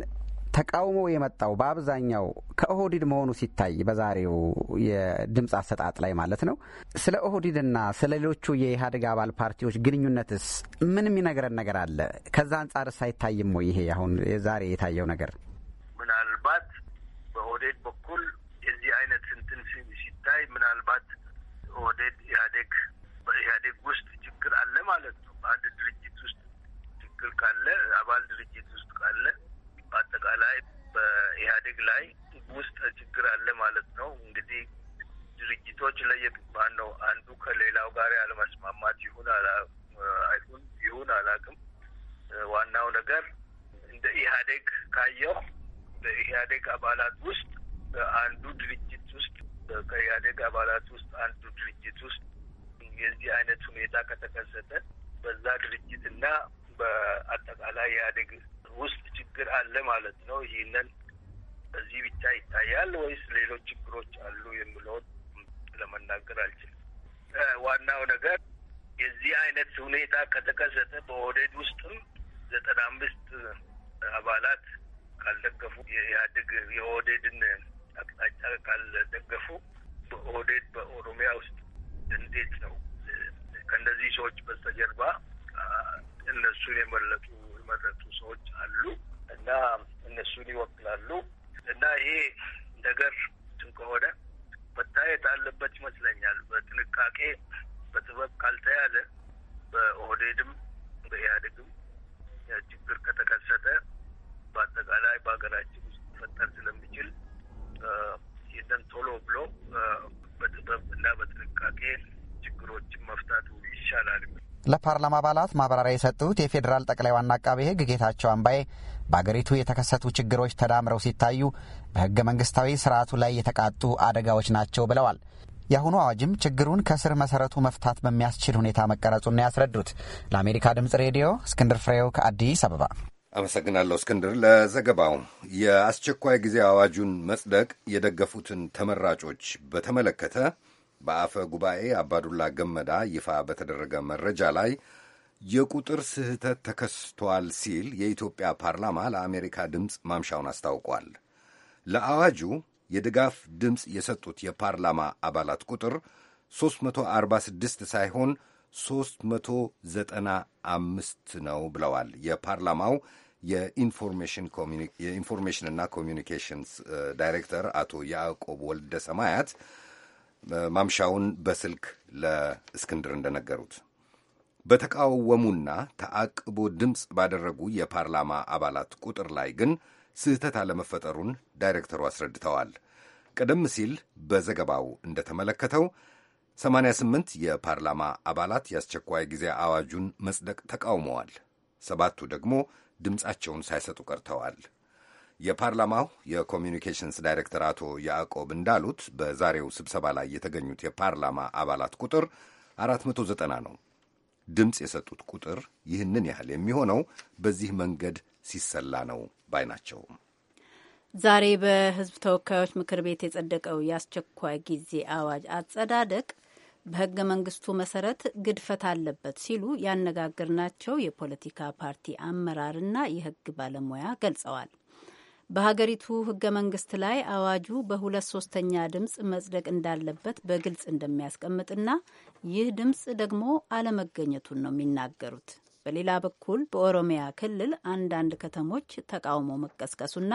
ተቃውሞ የመጣው በአብዛኛው ከኦህዲድ መሆኑ ሲታይ በዛሬው የድምፅ አሰጣጥ ላይ ማለት ነው። ስለ ኦህዲድና ስለ ሌሎቹ የኢህአዴግ አባል ፓርቲዎች ግንኙነትስ ምን የሚነግረን ነገር አለ? ከዛ አንጻርስ አይታይም ወይ? ይሄ አሁን ዛሬ የታየው ነገር ምናልባት በኦህዴድ በኩል የዚህ አይነት እንትን ሲታይ ምናልባት ኦህዴድ ኢህአዴግ በኢህአዴግ ውስጥ ማለት ነው። በአንድ ድርጅት ውስጥ ችግር ካለ አባል ድርጅት ውስጥ ካለ በአጠቃላይ በኢህአዴግ ላይ ውስጥ ችግር አለ ማለት ነው። እንግዲህ ድርጅቶች ለየባን ነው አንዱ ከሌላው ጋር ያለመስማማት ይሁን አይሁን ይሁን አላውቅም። ዋናው ነገር እንደ ኢህአዴግ ካየው በኢህአዴግ አባላት ውስጥ አንዱ ድርጅት ውስጥ ከኢህአዴግ አባላት ውስጥ አንዱ ድርጅት ውስጥ የዚህ አይነት ሁኔታ ከተከሰተ በዛ ድርጅትና በአጠቃላይ ኢህአዴግ ውስጥ ችግር አለ ማለት ነው። ይህንን በዚህ ብቻ ይታያል ወይስ ሌሎች ችግሮች አሉ የሚለውን ለመናገር አልችልም። ዋናው ነገር የዚህ አይነት ሁኔታ ከተከሰተ በኦህዴድ ውስጥም ዘጠና አምስት አባላት ካልደገፉ የኢህአዴግ የኦህዴድን አቅጣጫ ካልደገፉ በኦህዴድ በኦሮሚያ ውስጥ እንዴት ነው እነዚህ ሰዎች በስተጀርባ እነሱን የመረጡ የመረጡ ሰዎች አሉ እና እነሱን ይወክላሉ እና ይሄ ነገር እንትን ከሆነ መታየት አለበት ይመስለኛል። በጥንቃቄ በጥበብ ካልተያዘ በኦህዴድም በኢህአዴግም ችግር ከተከሰተ በአጠቃላይ በሀገራችን ውስጥ ሊፈጠር ስለሚችል ይህንን ቶሎ ብሎ በጥበብ እና በጥንቃቄ ችግሮችን መፍታቱ ይሻላል። ለፓርላማ አባላት ማብራሪያ የሰጡት የፌዴራል ጠቅላይ ዋና አቃቤ ሕግ ጌታቸው አምባዬ በአገሪቱ የተከሰቱ ችግሮች ተዳምረው ሲታዩ በሕገ መንግስታዊ ስርዓቱ ላይ የተቃጡ አደጋዎች ናቸው ብለዋል። የአሁኑ አዋጅም ችግሩን ከስር መሰረቱ መፍታት በሚያስችል ሁኔታ መቀረጹን ያስረዱት። ለአሜሪካ ድምጽ ሬዲዮ እስክንድር ፍሬው ከአዲስ አበባ አመሰግናለሁ። እስክንድር ለዘገባው። የአስቸኳይ ጊዜ አዋጁን መጽደቅ የደገፉትን ተመራጮች በተመለከተ በአፈ ጉባኤ አባዱላ ገመዳ ይፋ በተደረገ መረጃ ላይ የቁጥር ስህተት ተከስቷል ሲል የኢትዮጵያ ፓርላማ ለአሜሪካ ድምፅ ማምሻውን አስታውቋል። ለአዋጁ የድጋፍ ድምፅ የሰጡት የፓርላማ አባላት ቁጥር 346 ሳይሆን 395 ነው ብለዋል የፓርላማው የኢንፎርሜሽንና ኮሚኒኬሽንስ ዳይሬክተር አቶ ያዕቆብ ወልደ ሰማያት ማምሻውን በስልክ ለእስክንድር እንደነገሩት በተቃወሙና ተአቅቦ ድምፅ ባደረጉ የፓርላማ አባላት ቁጥር ላይ ግን ስህተት አለመፈጠሩን ዳይሬክተሩ አስረድተዋል። ቀደም ሲል በዘገባው እንደተመለከተው 88 የፓርላማ አባላት የአስቸኳይ ጊዜ አዋጁን መጽደቅ ተቃውመዋል። ሰባቱ ደግሞ ድምፃቸውን ሳይሰጡ ቀርተዋል። የፓርላማው የኮሚኒኬሽንስ ዳይሬክተር አቶ ያዕቆብ እንዳሉት በዛሬው ስብሰባ ላይ የተገኙት የፓርላማ አባላት ቁጥር 490 ነው። ድምፅ የሰጡት ቁጥር ይህንን ያህል የሚሆነው በዚህ መንገድ ሲሰላ ነው ባይ ናቸው። ዛሬ በሕዝብ ተወካዮች ምክር ቤት የጸደቀው የአስቸኳይ ጊዜ አዋጅ አጸዳደቅ በህገ መንግስቱ መሰረት ግድፈት አለበት ሲሉ ያነጋገርናቸው የፖለቲካ ፓርቲ አመራርና የህግ ባለሙያ ገልጸዋል። በሀገሪቱ ህገ መንግስት ላይ አዋጁ በሁለት ሶስተኛ ድምፅ መጽደቅ እንዳለበት በግልጽ እንደሚያስቀምጥና ይህ ድምፅ ደግሞ አለመገኘቱን ነው የሚናገሩት። በሌላ በኩል በኦሮሚያ ክልል አንዳንድ ከተሞች ተቃውሞ መቀስቀሱና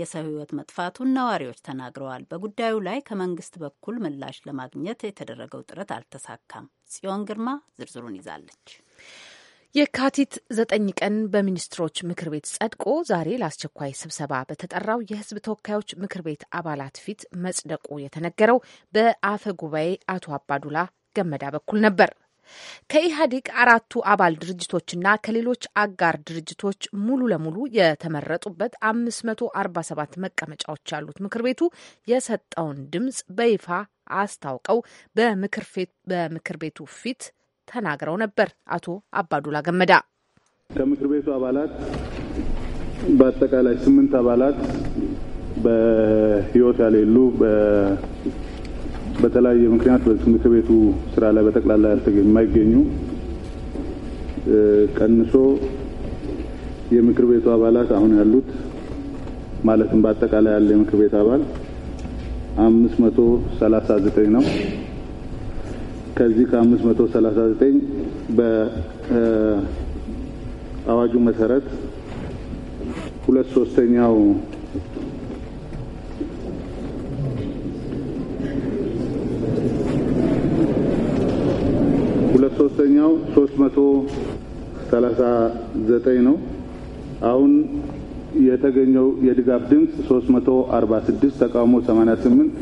የሰው ህይወት መጥፋቱን ነዋሪዎች ተናግረዋል። በጉዳዩ ላይ ከመንግስት በኩል ምላሽ ለማግኘት የተደረገው ጥረት አልተሳካም። ጽዮን ግርማ ዝርዝሩን ይዛለች። የካቲት ዘጠኝ ቀን በሚኒስትሮች ምክር ቤት ጸድቆ ዛሬ ለአስቸኳይ ስብሰባ በተጠራው የሕዝብ ተወካዮች ምክር ቤት አባላት ፊት መጽደቁ የተነገረው በአፈ ጉባኤ አቶ አባዱላ ገመዳ በኩል ነበር። ከኢህአዴግ አራቱ አባል ድርጅቶችና ከሌሎች አጋር ድርጅቶች ሙሉ ለሙሉ የተመረጡበት 547 መቀመጫዎች ያሉት ምክር ቤቱ የሰጠውን ድምፅ በይፋ አስታውቀው በምክር ቤቱ ፊት ተናግረው ነበር አቶ አባዱላ ገመዳ። ከምክር ቤቱ አባላት በአጠቃላይ ስምንት አባላት በህይወት ያሌሉ በተለያየ ምክንያት በምክር ቤቱ ስራ ላይ በጠቅላላ የማይገኙ ቀንሶ የምክር ቤቱ አባላት አሁን ያሉት ማለትም በአጠቃላይ ያለ የምክር ቤት አባል አምስት መቶ ሰላሳ ዘጠኝ ነው። ከዚህ ከ539 በአዋጁ መሰረት ሁለት ሶስተኛው ሁለት ሶስተኛው 339 ነው። አሁን የተገኘው የድጋፍ ድምፅ 346፣ ተቃውሞ 88፣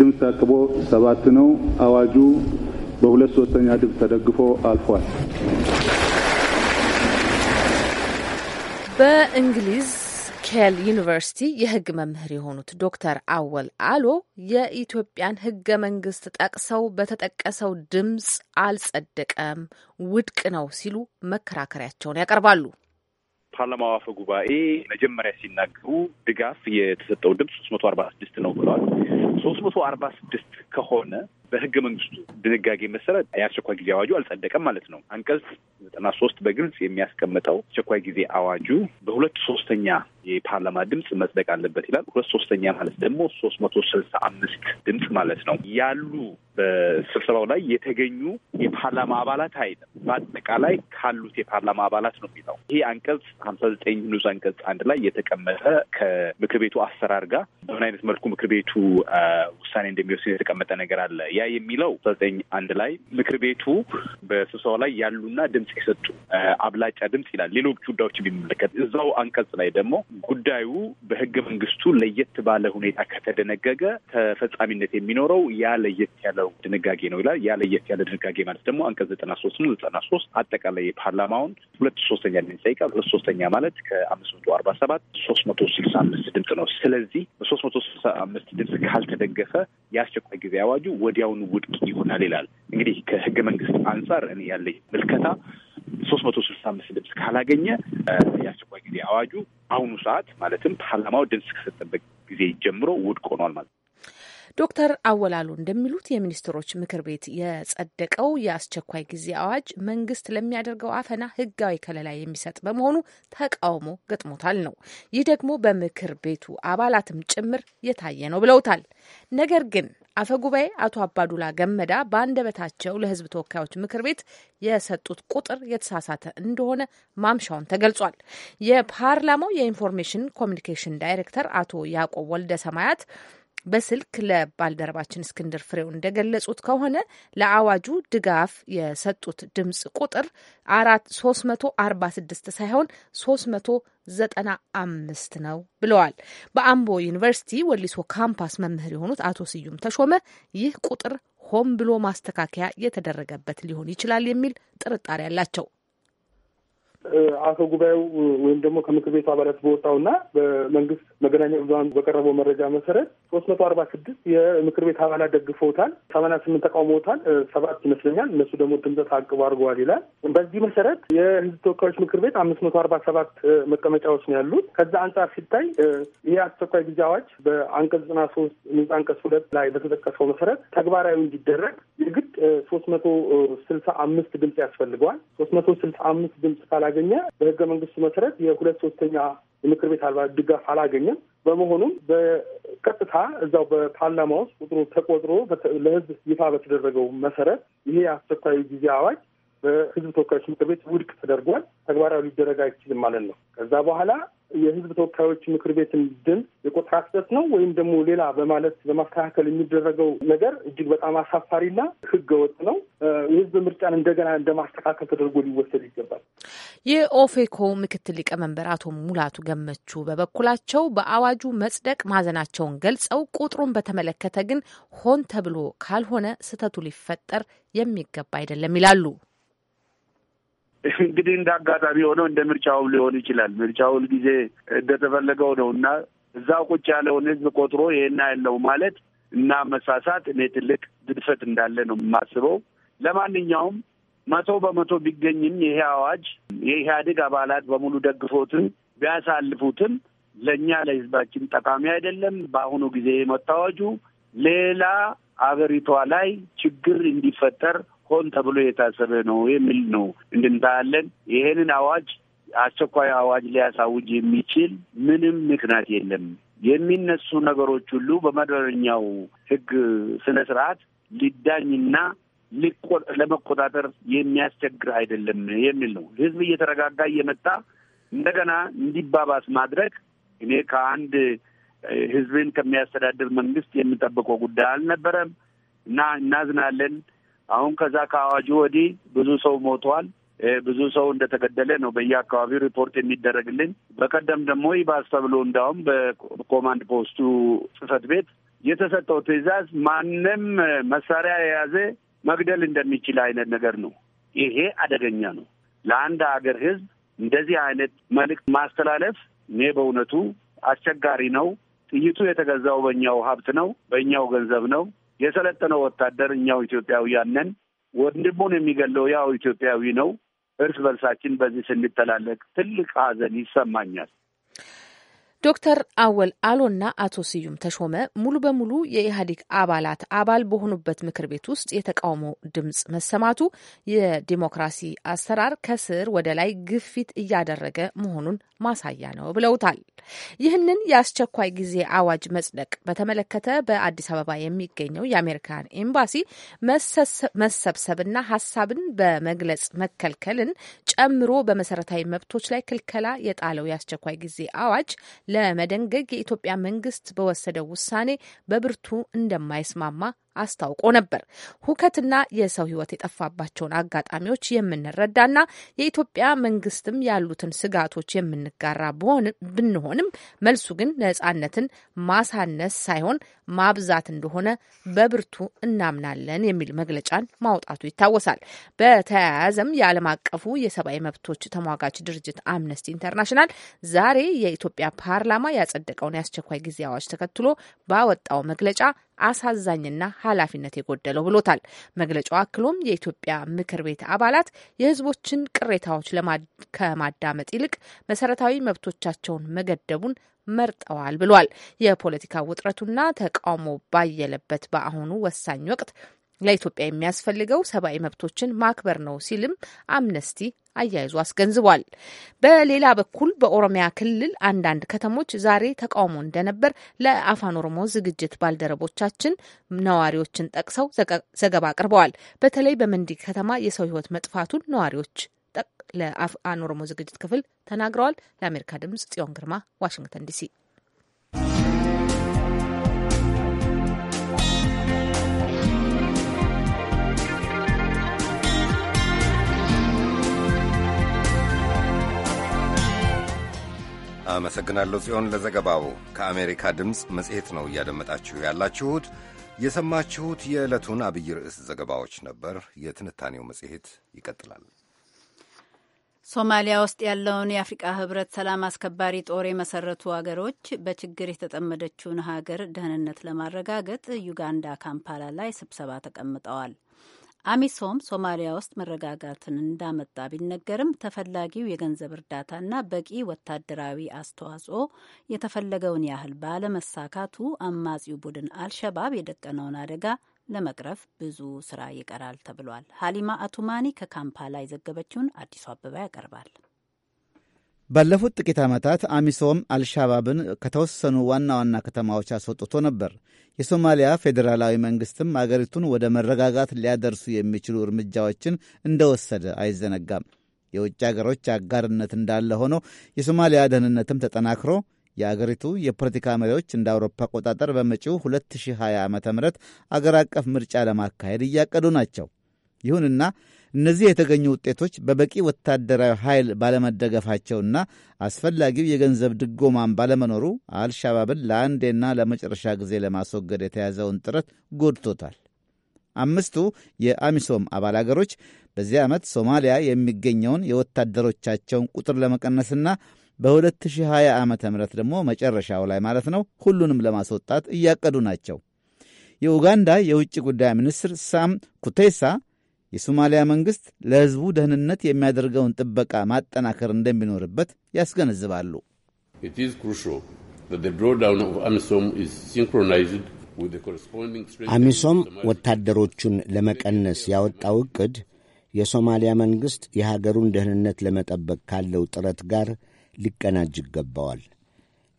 ድምፅ ታቅቦ ሰባት ነው። አዋጁ በሁለት ሶስተኛ ድምፅ ተደግፎ አልፏል። በእንግሊዝ ኬል ዩኒቨርሲቲ የሕግ መምህር የሆኑት ዶክተር አወል አሎ የኢትዮጵያን ሕገ መንግስት ጠቅሰው በተጠቀሰው ድምፅ አልጸደቀም፣ ውድቅ ነው ሲሉ መከራከሪያቸውን ያቀርባሉ። ፓርላማው አፈ ጉባኤ መጀመሪያ ሲናገሩ ድጋፍ የተሰጠው ድምፅ ሶስት መቶ አርባ ስድስት ነው ብለዋል። ሶስት መቶ አርባ ስድስት ከሆነ በህገ መንግስቱ ድንጋጌ መሰረት የአስቸኳይ ጊዜ አዋጁ አልጸደቀም ማለት ነው። አንቀጽ ዘጠና ሶስት በግልጽ የሚያስቀምጠው አስቸኳይ ጊዜ አዋጁ በሁለት ሶስተኛ የፓርላማ ድምፅ መጽደቅ አለበት ይላል። ሁለት ሶስተኛ ማለት ደግሞ ሶስት መቶ ስልሳ አምስት ድምፅ ማለት ነው። ያሉ በስብሰባው ላይ የተገኙ የፓርላማ አባላት አይልም፣ በአጠቃላይ ካሉት የፓርላማ አባላት ነው የሚለው ይሄ አንቀጽ ሀምሳ ዘጠኝ ንዑስ አንቀጽ አንድ ላይ የተቀመጠ ከምክር ቤቱ አሰራር ጋር በምን አይነት መልኩ ምክር ቤቱ ውሳኔ እንደሚወስድ የተቀመጠ ነገር አለ። ያ የሚለው ሀምሳ ዘጠኝ አንድ ላይ ምክር ቤቱ በስብሰባው ላይ ያሉና ድምፅ የሰጡ አብላጫ ድምፅ ይላል። ሌሎች ጉዳዮች የሚመለከት እዛው አንቀጽ ላይ ደግሞ ጉዳዩ በህገ መንግስቱ ለየት ባለ ሁኔታ ከተደነገገ ተፈጻሚነት የሚኖረው ያ ለየት ያለው ድንጋጌ ነው ይላል። ያ ለየት ያለ ድንጋጌ ማለት ደግሞ አንቀጽ ዘጠና ሶስት ነው። ዘጠና ሶስት አጠቃላይ የፓርላማውን ሁለት ሶስተኛ ድምጽ ይጠይቃል። ሁለት ሶስተኛ ማለት ከአምስት መቶ አርባ ሰባት ሶስት መቶ ስልሳ አምስት ድምፅ ነው። ስለዚህ በሶስት መቶ ስልሳ አምስት ድምፅ ካልተደገፈ የአስቸኳይ ጊዜ አዋጁ ወዲያውኑ ውድቅ ይሆናል ይላል። እንግዲህ ከህገ መንግስት አንጻር እኔ ያለኝ ምልከታ ሶስት መቶ ስልሳ አምስት ድምፅ ካላገኘ የአስቸኳይ ጊዜ አዋጁ አሁኑ ሰዓት ማለትም ፓርላማው ድምፅ ከሰጠበት ጊዜ ጀምሮ ውድቅ ሆኗል ማለት ነው። ዶክተር አወላሉ እንደሚሉት የሚኒስትሮች ምክር ቤት የጸደቀው የአስቸኳይ ጊዜ አዋጅ መንግስት ለሚያደርገው አፈና ህጋዊ ከለላ የሚሰጥ በመሆኑ ተቃውሞ ገጥሞታል ነው። ይህ ደግሞ በምክር ቤቱ አባላትም ጭምር የታየ ነው ብለውታል። ነገር ግን አፈ ጉባኤ አቶ አባዱላ ገመዳ በአንደበታቸው ለህዝብ ተወካዮች ምክር ቤት የሰጡት ቁጥር የተሳሳተ እንደሆነ ማምሻውን ተገልጿል። የፓርላማው የኢንፎርሜሽን ኮሚኒኬሽን ዳይሬክተር አቶ ያዕቆብ ወልደ ሰማያት በስልክ ለባልደረባችን እስክንድር ፍሬው እንደገለጹት ከሆነ ለአዋጁ ድጋፍ የሰጡት ድምፅ ቁጥር አራት ሶስት መቶ አርባ ስድስት ሳይሆን ሶስት መቶ ዘጠና አምስት ነው ብለዋል። በአምቦ ዩኒቨርሲቲ ወሊሶ ካምፓስ መምህር የሆኑት አቶ ስዩም ተሾመ ይህ ቁጥር ሆን ብሎ ማስተካከያ የተደረገበት ሊሆን ይችላል የሚል ጥርጣሬ አላቸው። አፈ ጉባኤው ወይም ደግሞ ከምክር ቤቱ አባላት በወጣውና በመንግስት መገናኛ ብዙሀን በቀረበው መረጃ መሰረት ሶስት መቶ አርባ ስድስት የምክር ቤት አባላት ደግፈውታል፣ ሰማንያ ስምንት ተቃውመውታል፣ ሰባት ይመስለኛል እነሱ ደግሞ ድምፀት አቅቦ አድርገዋል ይላል። በዚህ መሰረት የህዝብ ተወካዮች ምክር ቤት አምስት መቶ አርባ ሰባት መቀመጫዎች ነው ያሉት። ከዛ አንጻር ሲታይ ይህ አስቸኳይ ጊዜ አዋጅ በአንቀጽ ዘጠና ሶስት ንዑስ አንቀጽ ሁለት ላይ በተጠቀሰው መሰረት ተግባራዊ እንዲደረግ የግድ ሶስት መቶ ስልሳ አምስት ድምፅ ያስፈልገዋል። ሶስት መቶ ስልሳ አምስት ድምፅ ካላገ ስላላገኘ በህገ መንግስቱ መሰረት የሁለት ሶስተኛ የምክር ቤት አባላት ድጋፍ አላገኘም። በመሆኑም በቀጥታ እዛው በፓርላማ ውስጥ ቁጥሩ ተቆጥሮ ለህዝብ ይፋ በተደረገው መሰረት ይሄ አስቸኳይ ጊዜ አዋጅ በህዝብ ተወካዮች ምክር ቤት ውድቅ ተደርጓል። ተግባራዊ ሊደረግ አይችልም ማለት ነው። ከዛ በኋላ የህዝብ ተወካዮች ምክር ቤትን ድምፅ የቆጠራ ስህተት ነው ወይም ደግሞ ሌላ በማለት ለማስተካከል የሚደረገው ነገር እጅግ በጣም አሳፋሪና ህገ ወጥ ነው። የህዝብ ምርጫን እንደገና እንደማስተካከል ተደርጎ ሊወሰድ ይገባል። የኦፌኮ ምክትል ሊቀመንበር አቶ ሙላቱ ገመቹ በበኩላቸው በአዋጁ መጽደቅ ማዘናቸውን ገልጸው ቁጥሩን በተመለከተ ግን ሆን ተብሎ ካልሆነ ስህተቱ ሊፈጠር የሚገባ አይደለም ይላሉ። እንግዲህ እንደ አጋጣሚ ሆነው እንደ ምርጫውም ሊሆን ይችላል። ምርጫው ሁልጊዜ እንደተፈለገው ነው እና እዛ ቁጭ ያለውን ህዝብ ቆጥሮ ይሄና ያለው ማለት እና መሳሳት እኔ ትልቅ ድፈት እንዳለ ነው የማስበው። ለማንኛውም መቶ በመቶ ቢገኝም ይሄ አዋጅ የኢህአዴግ አባላት በሙሉ ደግፎትን ቢያሳልፉትም ለእኛ ለህዝባችን ጠቃሚ አይደለም። በአሁኑ ጊዜ የመታወጁ ሌላ አገሪቷ ላይ ችግር እንዲፈጠር ሆን ተብሎ የታሰበ ነው የሚል ነው እንድንታያለን። ይሄንን አዋጅ አስቸኳይ አዋጅ ሊያሳውጅ የሚችል ምንም ምክንያት የለም። የሚነሱ ነገሮች ሁሉ በመደበኛው ህግ ስነ ስርዓት ሊዳኝና ለመቆጣጠር የሚያስቸግር አይደለም የሚል ነው። ህዝብ እየተረጋጋ እየመጣ እንደገና እንዲባባስ ማድረግ እኔ ከአንድ ህዝብን ከሚያስተዳድር መንግስት የምጠብቀው ጉዳይ አልነበረም እና እናዝናለን። አሁን ከዛ ከአዋጁ ወዲህ ብዙ ሰው ሞቷል። ብዙ ሰው እንደተገደለ ነው በየአካባቢው ሪፖርት የሚደረግልን። በቀደም ደግሞ ይባስ ተብሎ እንዳውም በኮማንድ ፖስቱ ጽህፈት ቤት የተሰጠው ትዕዛዝ ማንም መሳሪያ የያዘ መግደል እንደሚችል አይነት ነገር ነው። ይሄ አደገኛ ነው። ለአንድ ሀገር ህዝብ እንደዚህ አይነት መልእክት ማስተላለፍ እኔ በእውነቱ አስቸጋሪ ነው። ጥይቱ የተገዛው በእኛው ሀብት ነው፣ በእኛው ገንዘብ ነው። የሰለጠነው ወታደር እኛው ኢትዮጵያዊ ነን። ወንድሙን የሚገለው ያው ኢትዮጵያዊ ነው። እርስ በርሳችን በዚህ ስንተላለቅ ትልቅ ሀዘን ይሰማኛል። ዶክተር አወል አሎና አቶ ስዩም ተሾመ ሙሉ በሙሉ የኢህአዴግ አባላት አባል በሆኑበት ምክር ቤት ውስጥ የተቃውሞ ድምፅ መሰማቱ የዲሞክራሲ አሰራር ከስር ወደ ላይ ግፊት እያደረገ መሆኑን ማሳያ ነው ብለውታል። ይህንን የአስቸኳይ ጊዜ አዋጅ መጽደቅ በተመለከተ በአዲስ አበባ የሚገኘው የአሜሪካን ኤምባሲ መሰብሰብና ሀሳብን በመግለጽ መከልከልን ጨምሮ በመሰረታዊ መብቶች ላይ ክልከላ የጣለው የአስቸኳይ ጊዜ አዋጅ ለመደንገግ የኢትዮጵያ መንግስት በወሰደው ውሳኔ በብርቱ እንደማይስማማ አስታውቆ ነበር። ሁከትና የሰው ህይወት የጠፋባቸውን አጋጣሚዎች የምንረዳና የኢትዮጵያ መንግስትም ያሉትን ስጋቶች የምንጋራ ብንሆንም መልሱ ግን ነጻነትን ማሳነስ ሳይሆን ማብዛት እንደሆነ በብርቱ እናምናለን የሚል መግለጫን ማውጣቱ ይታወሳል። በተያያዘም የዓለም አቀፉ የሰብአዊ መብቶች ተሟጋች ድርጅት አምነስቲ ኢንተርናሽናል ዛሬ የኢትዮጵያ ፓርላማ ያጸደቀውን የአስቸኳይ ጊዜ አዋጅ ተከትሎ ባወጣው መግለጫ አሳዛኝና ኃላፊነት የጎደለው ብሎታል። መግለጫው አክሎም የኢትዮጵያ ምክር ቤት አባላት የህዝቦችን ቅሬታዎች ከማዳመጥ ይልቅ መሰረታዊ መብቶቻቸውን መገደቡን መርጠዋል ብሏል። የፖለቲካ ውጥረቱና ተቃውሞ ባየለበት በአሁኑ ወሳኝ ወቅት ለኢትዮጵያ የሚያስፈልገው ሰብአዊ መብቶችን ማክበር ነው ሲልም አምነስቲ አያይዞ አስገንዝቧል። በሌላ በኩል በኦሮሚያ ክልል አንዳንድ ከተሞች ዛሬ ተቃውሞ እንደነበር ለአፋን ኦሮሞ ዝግጅት ባልደረቦቻችን ነዋሪዎችን ጠቅሰው ዘገባ አቅርበዋል። በተለይ በመንዲ ከተማ የሰው ሕይወት መጥፋቱን ነዋሪዎች ለአፋን ኦሮሞ ዝግጅት ክፍል ተናግረዋል። ለአሜሪካ ድምጽ ጽዮን ግርማ ዋሽንግተን ዲሲ አመሰግናለሁ ጽዮን ለዘገባው። ከአሜሪካ ድምፅ መጽሔት ነው እያደመጣችሁ ያላችሁት። የሰማችሁት የዕለቱን አብይ ርዕስ ዘገባዎች ነበር። የትንታኔው መጽሔት ይቀጥላል። ሶማሊያ ውስጥ ያለውን የአፍሪቃ ህብረት ሰላም አስከባሪ ጦር የመሰረቱ አገሮች በችግር የተጠመደችውን ሀገር ደህንነት ለማረጋገጥ ዩጋንዳ ካምፓላ ላይ ስብሰባ ተቀምጠዋል። አሚሶም ሶማሊያ ውስጥ መረጋጋትን እንዳመጣ ቢነገርም ተፈላጊው የገንዘብ እርዳታና በቂ ወታደራዊ አስተዋጽኦ የተፈለገውን ያህል ባለመሳካቱ አማጺው ቡድን አልሸባብ የደቀነውን አደጋ ለመቅረፍ ብዙ ስራ ይቀራል ተብሏል። ሀሊማ አቱማኒ ከካምፓላ የዘገበችውን አዲሱ አበባ ያቀርባል። ባለፉት ጥቂት ዓመታት አሚሶም አልሻባብን ከተወሰኑ ዋና ዋና ከተማዎች አስወጥቶ ነበር። የሶማሊያ ፌዴራላዊ መንግሥትም አገሪቱን ወደ መረጋጋት ሊያደርሱ የሚችሉ እርምጃዎችን እንደወሰደ አይዘነጋም። የውጭ አገሮች አጋርነት እንዳለ ሆኖ የሶማሊያ ደህንነትም ተጠናክሮ የአገሪቱ የፖለቲካ መሪዎች እንደ አውሮፓ አቆጣጠር በመጪው 2020 ዓ ም አገር አቀፍ ምርጫ ለማካሄድ እያቀዱ ናቸው። ይሁንና እነዚህ የተገኙ ውጤቶች በበቂ ወታደራዊ ኃይል ባለመደገፋቸውና አስፈላጊው የገንዘብ ድጎማን ባለመኖሩ አልሻባብን ለአንዴና ለመጨረሻ ጊዜ ለማስወገድ የተያዘውን ጥረት ጎድቶታል። አምስቱ የአሚሶም አባል አገሮች በዚህ ዓመት ሶማሊያ የሚገኘውን የወታደሮቻቸውን ቁጥር ለመቀነስና በ2020 ዓ ም ደግሞ መጨረሻው ላይ ማለት ነው ሁሉንም ለማስወጣት እያቀዱ ናቸው። የኡጋንዳ የውጭ ጉዳይ ሚኒስትር ሳም ኩቴሳ የሶማሊያ መንግሥት ለሕዝቡ ደህንነት የሚያደርገውን ጥበቃ ማጠናከር እንደሚኖርበት ያስገነዝባሉ። አሚሶም ወታደሮቹን ለመቀነስ ያወጣው ዕቅድ የሶማሊያ መንግሥት የሀገሩን ደህንነት ለመጠበቅ ካለው ጥረት ጋር ሊቀናጅ ይገባዋል።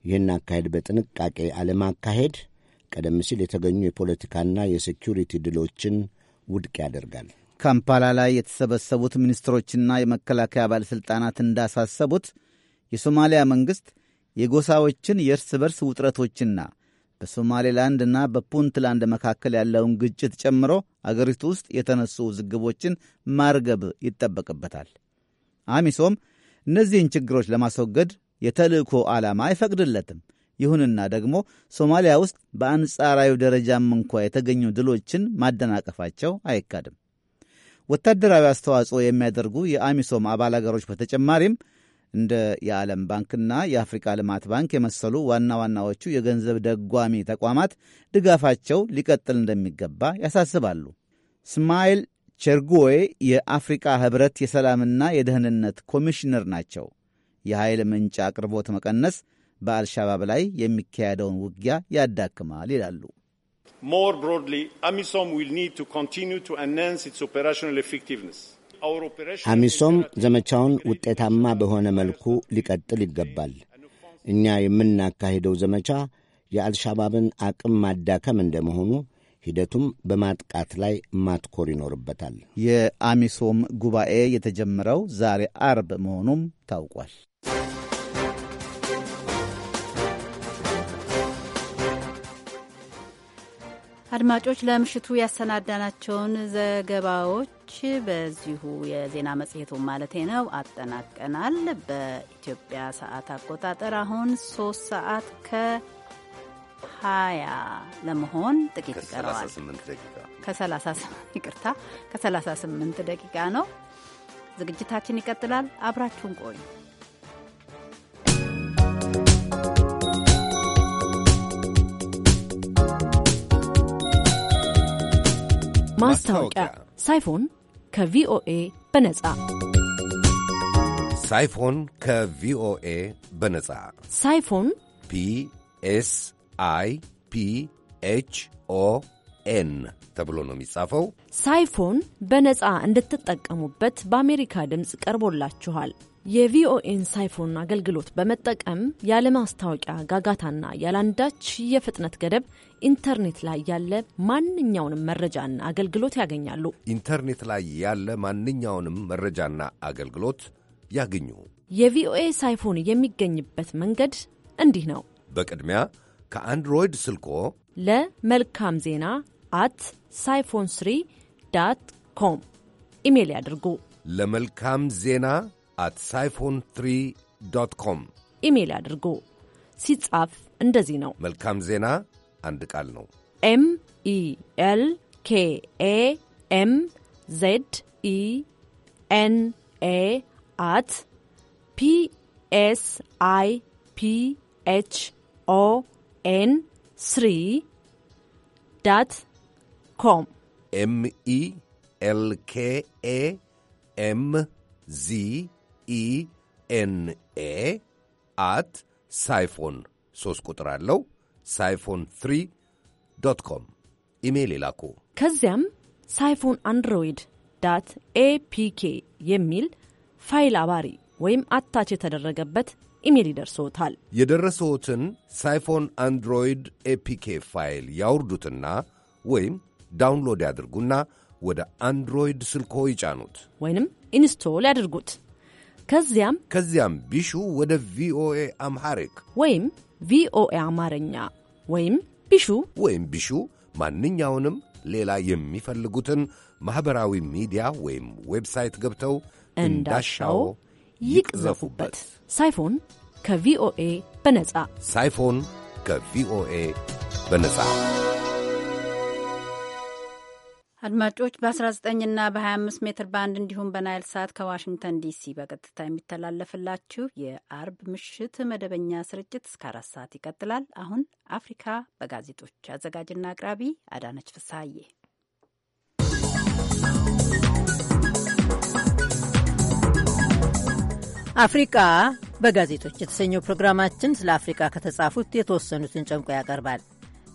ይህን አካሄድ በጥንቃቄ አለማካሄድ ቀደም ሲል የተገኙ የፖለቲካና የሴኪሪቲ ድሎችን ውድቅ ያደርጋል። ካምፓላ ላይ የተሰበሰቡት ሚኒስትሮችና የመከላከያ ባለሥልጣናት እንዳሳሰቡት የሶማሊያ መንግሥት የጎሳዎችን የእርስ በርስ ውጥረቶችና በሶማሌላንድና በፑንትላንድ መካከል ያለውን ግጭት ጨምሮ አገሪቱ ውስጥ የተነሱ ውዝግቦችን ማርገብ ይጠበቅበታል። አሚሶም እነዚህን ችግሮች ለማስወገድ የተልእኮ ዓላማ አይፈቅድለትም። ይሁንና ደግሞ ሶማሊያ ውስጥ በአንጻራዊ ደረጃም እንኳ የተገኙ ድሎችን ማደናቀፋቸው አይካድም። ወታደራዊ አስተዋጽኦ የሚያደርጉ የአሚሶም አባል አገሮች በተጨማሪም እንደ የዓለም ባንክና የአፍሪካ ልማት ባንክ የመሰሉ ዋና ዋናዎቹ የገንዘብ ደጓሚ ተቋማት ድጋፋቸው ሊቀጥል እንደሚገባ ያሳስባሉ። ስማይል ቸርጉዌ የአፍሪካ ኅብረት የሰላምና የደህንነት ኮሚሽነር ናቸው። የኃይል ምንጭ አቅርቦት መቀነስ በአልሻባብ ላይ የሚካሄደውን ውጊያ ያዳክማል ይላሉ። More broadly, AMISOM will need to continue to enhance its operational effectiveness. አሚሶም ዘመቻውን ውጤታማ በሆነ መልኩ ሊቀጥል ይገባል። እኛ የምናካሄደው ዘመቻ የአልሻባብን አቅም ማዳከም እንደመሆኑ ሂደቱም በማጥቃት ላይ ማትኮር ይኖርበታል። የአሚሶም ጉባኤ የተጀመረው ዛሬ አርብ መሆኑም ታውቋል። አድማጮች ለምሽቱ ያሰናዳናቸውን ዘገባዎች በዚሁ የዜና መጽሔቱ ማለቴ ነው አጠናቀናል። በኢትዮጵያ ሰዓት አቆጣጠር አሁን ሶስት ሰዓት ሀያ ለመሆን ጥቂት ይቀረዋል ከ38 ይቅርታ ከ38 ደቂቃ ነው። ዝግጅታችን ይቀጥላል። አብራችሁን ቆዩ። ማስታወቂያ ሳይፎን ከቪኦኤ በነጻ ሳይፎን ከቪኦኤ በነጻ ሳይፎን ፒ ኤስ አይ ፒ ኤች ኦ ኤን ተብሎ ነው የሚጻፈው። ሳይፎን በነጻ እንድትጠቀሙበት በአሜሪካ ድምፅ ቀርቦላችኋል። የቪኦኤን ሳይፎን አገልግሎት በመጠቀም ያለማስታወቂያ ጋጋታና ያላንዳች የፍጥነት ገደብ ኢንተርኔት ላይ ያለ ማንኛውንም መረጃና አገልግሎት ያገኛሉ። ኢንተርኔት ላይ ያለ ማንኛውንም መረጃና አገልግሎት ያገኙ። የቪኦኤ ሳይፎን የሚገኝበት መንገድ እንዲህ ነው። በቅድሚያ ከአንድሮይድ ስልኮ ለመልካም ዜና አት ሳይፎን ስሪ ዳት ኮም ኢሜይል ያድርጉ። ለመልካም ዜና አት ሳይፎን ትሪ ዶት ኮም ኢሜይል ያድርጉ። ሲጻፍ እንደዚህ ነው። መልካም ዜና አንድ ቃል ነው። ኤም ኢ ኤል ኬ ኤ ኤም ዜድ ኢ ኤን ኤ አት ፒ ኤስ አይ ፒ ኤች ኦ ኤን ስሪ ዳት ኮም ኤም ኢ ኤል ኬ ኤ ኤም ዚ ኢ ኤን ኤ አት ሳይፎን ሶስት ቁጥር አለው ሳይፎን ትሪ ዶት ኮም ኢሜይል ይላኩ። ከዚያም ሳይፎን አንድሮይድ ዳት ኤፒኬ የሚል ፋይል አባሪ ወይም አታች የተደረገበት ኢሜይል ይደርሶታል። የደረሰዎትን ሳይፎን አንድሮይድ ኤፒኬ ፋይል ያውርዱትና ወይም ዳውንሎድ ያድርጉና ወደ አንድሮይድ ስልኮ ይጫኑት ወይንም ኢንስቶል ያድርጉት። ከዚያም ከዚያም ቢሹ ወደ ቪኦኤ አምሐሪክ ወይም ቪኦኤ አማርኛ ወይም ቢሹ ወይም ቢሹ ማንኛውንም ሌላ የሚፈልጉትን ማኅበራዊ ሚዲያ ወይም ዌብሳይት ገብተው እንዳሻው ይቅዘፉበት። ሳይፎን ከቪኦኤ በነጻ ሳይፎን ከቪኦኤ በነጻ አድማጮች በ19 ና በ25 ሜትር ባንድ እንዲሁም በናይል ሳት ከዋሽንግተን ዲሲ በቀጥታ የሚተላለፍላችሁ የአርብ ምሽት መደበኛ ስርጭት እስከ አራት ሰዓት ይቀጥላል። አሁን አፍሪካ በጋዜጦች አዘጋጅና አቅራቢ አዳነች ፍሳዬ አፍሪካ በጋዜጦች የተሰኘው ፕሮግራማችን ስለ አፍሪካ ከተጻፉት የተወሰኑትን ጨምቆ ያቀርባል።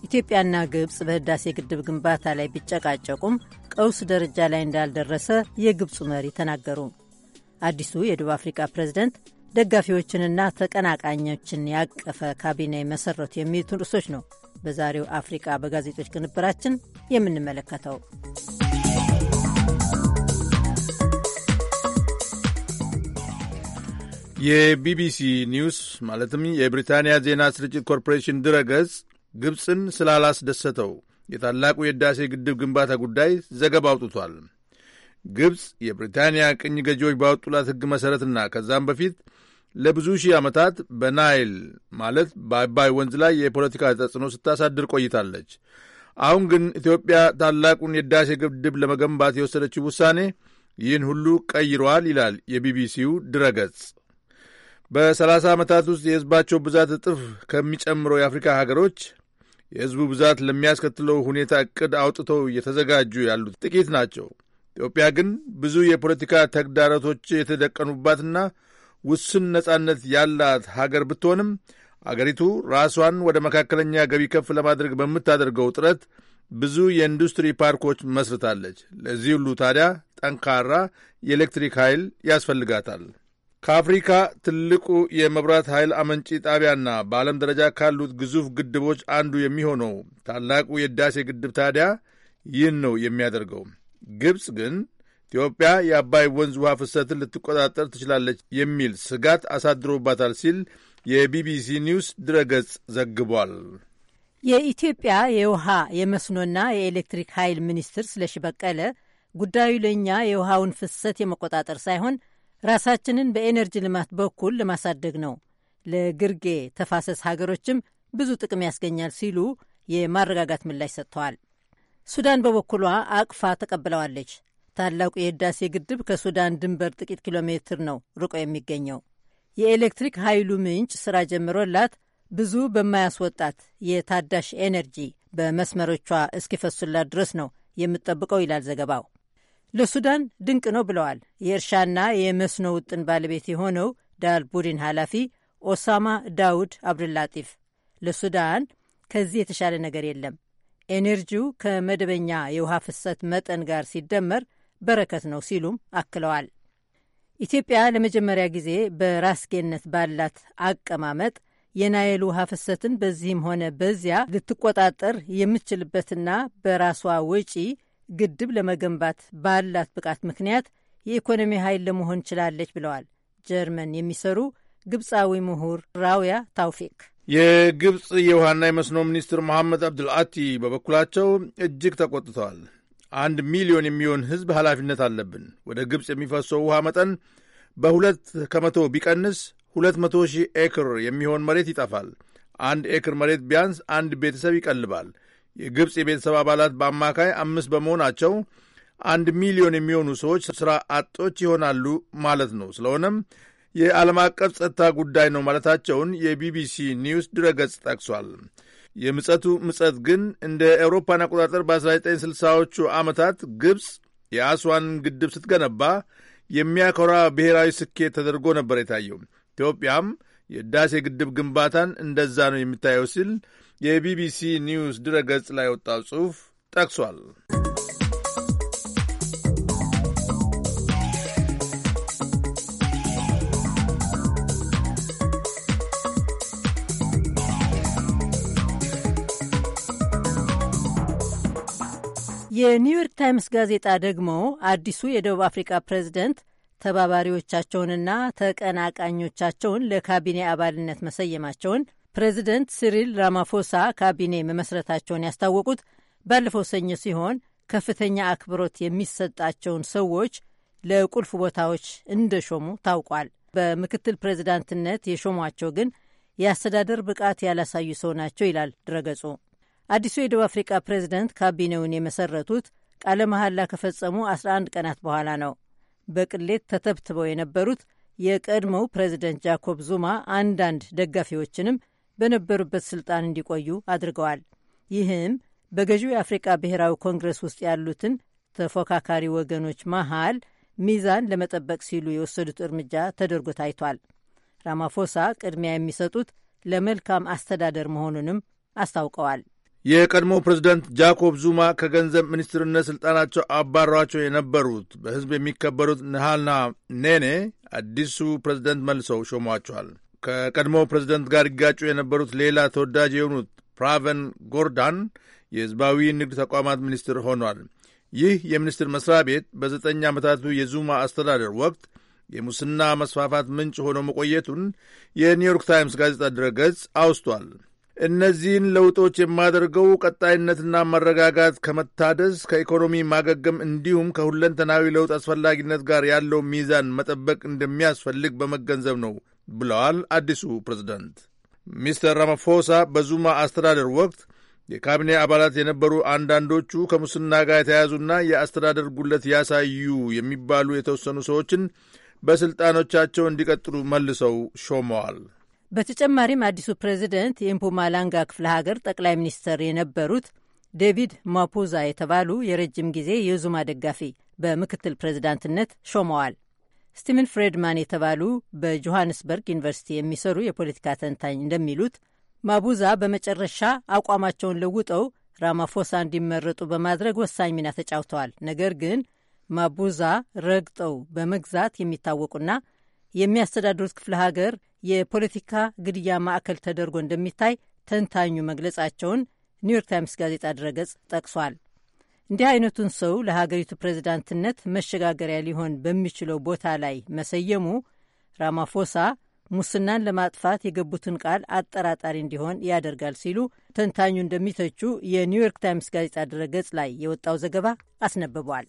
ኢትዮጵያና ግብፅ በህዳሴ ግድብ ግንባታ ላይ ቢጨቃጨቁም ቀውስ ደረጃ ላይ እንዳልደረሰ የግብፁ መሪ ተናገሩ። አዲሱ የደቡብ አፍሪካ ፕሬዝደንት ደጋፊዎችንና ተቀናቃኞችን ያቀፈ ካቢኔ መሰረቱ የሚሉትን ርዕሶች ነው በዛሬው አፍሪቃ በጋዜጦች ቅንብራችን የምንመለከተው። የቢቢሲ ኒውስ ማለትም የብሪታንያ ዜና ስርጭት ኮርፖሬሽን ድረገጽ ግብፅን ስላላስደሰተው የታላቁ የዳሴ ግድብ ግንባታ ጉዳይ ዘገባ አውጥቷል። ግብፅ የብሪታንያ ቅኝ ገዢዎች ባወጡላት ሕግ መሠረትና ከዛም በፊት ለብዙ ሺህ ዓመታት በናይል ማለት በአባይ ወንዝ ላይ የፖለቲካ ተጽዕኖ ስታሳድር ቆይታለች። አሁን ግን ኢትዮጵያ ታላቁን የዳሴ ግድብ ለመገንባት የወሰደችው ውሳኔ ይህን ሁሉ ቀይረዋል ይላል የቢቢሲው ድረገጽ። በ30 ዓመታት ውስጥ የሕዝባቸው ብዛት እጥፍ ከሚጨምረው የአፍሪካ ሀገሮች የህዝቡ ብዛት ለሚያስከትለው ሁኔታ እቅድ አውጥተው እየተዘጋጁ ያሉት ጥቂት ናቸው። ኢትዮጵያ ግን ብዙ የፖለቲካ ተግዳሮቶች የተደቀኑባትና ውስን ነጻነት ያላት ሀገር ብትሆንም አገሪቱ ራሷን ወደ መካከለኛ ገቢ ከፍ ለማድረግ በምታደርገው ጥረት ብዙ የኢንዱስትሪ ፓርኮች መስርታለች። ለዚህ ሁሉ ታዲያ ጠንካራ የኤሌክትሪክ ኃይል ያስፈልጋታል። ከአፍሪካ ትልቁ የመብራት ኃይል አመንጪ ጣቢያና በዓለም ደረጃ ካሉት ግዙፍ ግድቦች አንዱ የሚሆነው ታላቁ የዳሴ ግድብ ታዲያ ይህን ነው የሚያደርገው። ግብፅ ግን ኢትዮጵያ የአባይ ወንዝ ውሃ ፍሰትን ልትቆጣጠር ትችላለች የሚል ስጋት አሳድሮባታል ሲል የቢቢሲ ኒውስ ድረገጽ ዘግቧል። የኢትዮጵያ የውሃ የመስኖና የኤሌክትሪክ ኃይል ሚኒስትር ስለሺ በቀለ ጉዳዩ ለእኛ የውሃውን ፍሰት የመቆጣጠር ሳይሆን ራሳችንን በኤነርጂ ልማት በኩል ለማሳደግ ነው። ለግርጌ ተፋሰስ ሀገሮችም ብዙ ጥቅም ያስገኛል ሲሉ የማረጋጋት ምላሽ ሰጥተዋል። ሱዳን በበኩሏ አቅፋ ተቀብለዋለች። ታላቁ የህዳሴ ግድብ ከሱዳን ድንበር ጥቂት ኪሎ ሜትር ነው ርቆ የሚገኘው። የኤሌክትሪክ ኃይሉ ምንጭ ስራ ጀምሮላት ብዙ በማያስወጣት የታዳሽ ኤነርጂ በመስመሮቿ እስኪፈሱላት ድረስ ነው የምትጠብቀው ይላል ዘገባው። ለሱዳን ድንቅ ነው ብለዋል የእርሻና የመስኖ ውጥን ባለቤት የሆነው ዳል ቡድን ኃላፊ ኦሳማ ዳውድ አብዱላጢፍ። ለሱዳን ከዚህ የተሻለ ነገር የለም። ኤኔርጂው ከመደበኛ የውሃ ፍሰት መጠን ጋር ሲደመር በረከት ነው ሲሉም አክለዋል። ኢትዮጵያ ለመጀመሪያ ጊዜ በራስጌነት ባላት አቀማመጥ የናይል ውሃ ፍሰትን በዚህም ሆነ በዚያ ልትቆጣጠር የምትችልበትና በራሷ ወጪ ግድብ ለመገንባት ባላት ብቃት ምክንያት የኢኮኖሚ ኃይል ለመሆን ችላለች ብለዋል ጀርመን የሚሰሩ ግብፃዊ ምሁር ራውያ ታውፊክ። የግብፅ የውሃና የመስኖ ሚኒስትር መሐመድ አብዱልአቲ በበኩላቸው እጅግ ተቆጥተዋል። አንድ ሚሊዮን የሚሆን ሕዝብ ኃላፊነት አለብን። ወደ ግብፅ የሚፈሰው ውሃ መጠን በሁለት ከመቶ ቢቀንስ ሁለት መቶ ሺህ ኤክር የሚሆን መሬት ይጠፋል። አንድ ኤክር መሬት ቢያንስ አንድ ቤተሰብ ይቀልባል። የግብፅ የቤተሰብ አባላት በአማካይ አምስት በመሆናቸው አንድ ሚሊዮን የሚሆኑ ሰዎች ስራ አጦች ይሆናሉ ማለት ነው። ስለሆነም የዓለም አቀፍ ጸጥታ ጉዳይ ነው ማለታቸውን የቢቢሲ ኒውስ ድረገጽ ጠቅሷል። የምጸቱ ምጸት ግን እንደ ኤውሮፓን አቆጣጠር በ1960ዎቹ ዓመታት ግብፅ የአስዋን ግድብ ስትገነባ የሚያኮራ ብሔራዊ ስኬት ተደርጎ ነበር የታየው። ኢትዮጵያም የህዳሴ ግድብ ግንባታን እንደዛ ነው የሚታየው ሲል የቢቢሲ ኒውስ ድረገጽ ላይ ወጣው ጽሑፍ ጠቅሷል። የኒውዮርክ ታይምስ ጋዜጣ ደግሞ አዲሱ የደቡብ አፍሪካ ፕሬዝደንት ተባባሪዎቻቸውንና ተቀናቃኞቻቸውን ለካቢኔ አባልነት መሰየማቸውን ፕሬዚደንት ሲሪል ራማፎሳ ካቢኔ መመስረታቸውን ያስታወቁት ባለፈው ሰኞ ሲሆን ከፍተኛ አክብሮት የሚሰጣቸውን ሰዎች ለቁልፍ ቦታዎች እንደሾሙ ታውቋል። በምክትል ፕሬዚዳንትነት የሾሟቸው ግን የአስተዳደር ብቃት ያላሳዩ ሰው ናቸው ይላል ድረገጹ። አዲሱ የደቡብ አፍሪካ ፕሬዚደንት ካቢኔውን የመሰረቱት ቃለ መሐላ ከፈጸሙ 11 ቀናት በኋላ ነው። በቅሌት ተተብትበው የነበሩት የቀድሞው ፕሬዚደንት ጃኮብ ዙማ አንዳንድ ደጋፊዎችንም በነበሩበት ስልጣን እንዲቆዩ አድርገዋል። ይህም በገዢው የአፍሪቃ ብሔራዊ ኮንግረስ ውስጥ ያሉትን ተፎካካሪ ወገኖች መሃል ሚዛን ለመጠበቅ ሲሉ የወሰዱት እርምጃ ተደርጎ ታይቷል። ራማፎሳ ቅድሚያ የሚሰጡት ለመልካም አስተዳደር መሆኑንም አስታውቀዋል። የቀድሞ ፕሬዝዳንት ጃኮብ ዙማ ከገንዘብ ሚኒስትርነት ሥልጣናቸው አባሯቸው የነበሩት በሕዝብ የሚከበሩት ንሃልና ኔኔ አዲሱ ፕሬዝደንት መልሰው ሾሟቸዋል። ከቀድሞ ፕሬዝደንት ጋር ይጋጩ የነበሩት ሌላ ተወዳጅ የሆኑት ፕራቨን ጎርዳን የሕዝባዊ ንግድ ተቋማት ሚኒስትር ሆኗል። ይህ የሚኒስትር መስሪያ ቤት በዘጠኝ ዓመታቱ የዙማ አስተዳደር ወቅት የሙስና መስፋፋት ምንጭ ሆኖ መቆየቱን የኒውዮርክ ታይምስ ጋዜጣ ድረገጽ አውስቷል። እነዚህን ለውጦች የማደርገው ቀጣይነትና መረጋጋት ከመታደስ ከኢኮኖሚ ማገገም እንዲሁም ከሁለንተናዊ ለውጥ አስፈላጊነት ጋር ያለው ሚዛን መጠበቅ እንደሚያስፈልግ በመገንዘብ ነው ብለዋል አዲሱ ፕሬዝደንት ሚስተር ራማፎሳ በዙማ አስተዳደር ወቅት የካቢኔ አባላት የነበሩ አንዳንዶቹ ከሙስና ጋር የተያያዙና የአስተዳደር ጉለት ያሳዩ የሚባሉ የተወሰኑ ሰዎችን በሥልጣኖቻቸው እንዲቀጥሉ መልሰው ሾመዋል። በተጨማሪም አዲሱ ፕሬዚደንት የኢምፖማላንጋ ክፍለ ሀገር ጠቅላይ ሚኒስተር የነበሩት ዴቪድ ማፖዛ የተባሉ የረጅም ጊዜ የዙማ ደጋፊ በምክትል ፕሬዚዳንትነት ሾመዋል። ስቲቨን ፍሬድማን የተባሉ በጆሃንስበርግ ዩኒቨርሲቲ የሚሰሩ የፖለቲካ ተንታኝ እንደሚሉት ማቡዛ በመጨረሻ አቋማቸውን ለውጠው ራማፎሳ እንዲመረጡ በማድረግ ወሳኝ ሚና ተጫውተዋል። ነገር ግን ማቡዛ ረግጠው በመግዛት የሚታወቁና የሚያስተዳድሩት ክፍለ ሀገር የፖለቲካ ግድያ ማዕከል ተደርጎ እንደሚታይ ተንታኙ መግለጻቸውን ኒውዮርክ ታይምስ ጋዜጣ ድረገጽ ጠቅሷል። እንዲህ አይነቱን ሰው ለሀገሪቱ ፕሬዝዳንትነት መሸጋገሪያ ሊሆን በሚችለው ቦታ ላይ መሰየሙ ራማፎሳ ሙስናን ለማጥፋት የገቡትን ቃል አጠራጣሪ እንዲሆን ያደርጋል ሲሉ ተንታኙ እንደሚተቹ የኒውዮርክ ታይምስ ጋዜጣ ድረገጽ ላይ የወጣው ዘገባ አስነብቧል።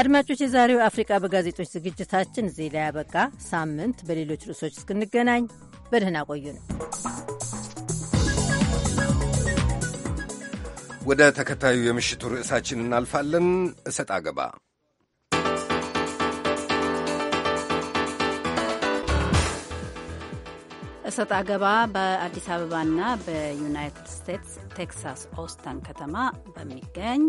አድማጮች፣ የዛሬው አፍሪቃ በጋዜጦች ዝግጅታችን እዚህ ላይ ያበቃ። ሳምንት በሌሎች ርዕሶች እስክንገናኝ በደህና ቆዩ ነው። ወደ ተከታዩ የምሽቱ ርዕሳችን እናልፋለን። እሰጥ አገባ እሰጥ አገባ በአዲስ አበባና በዩናይትድ ስቴትስ ቴክሳስ ኦስተን ከተማ በሚገኝ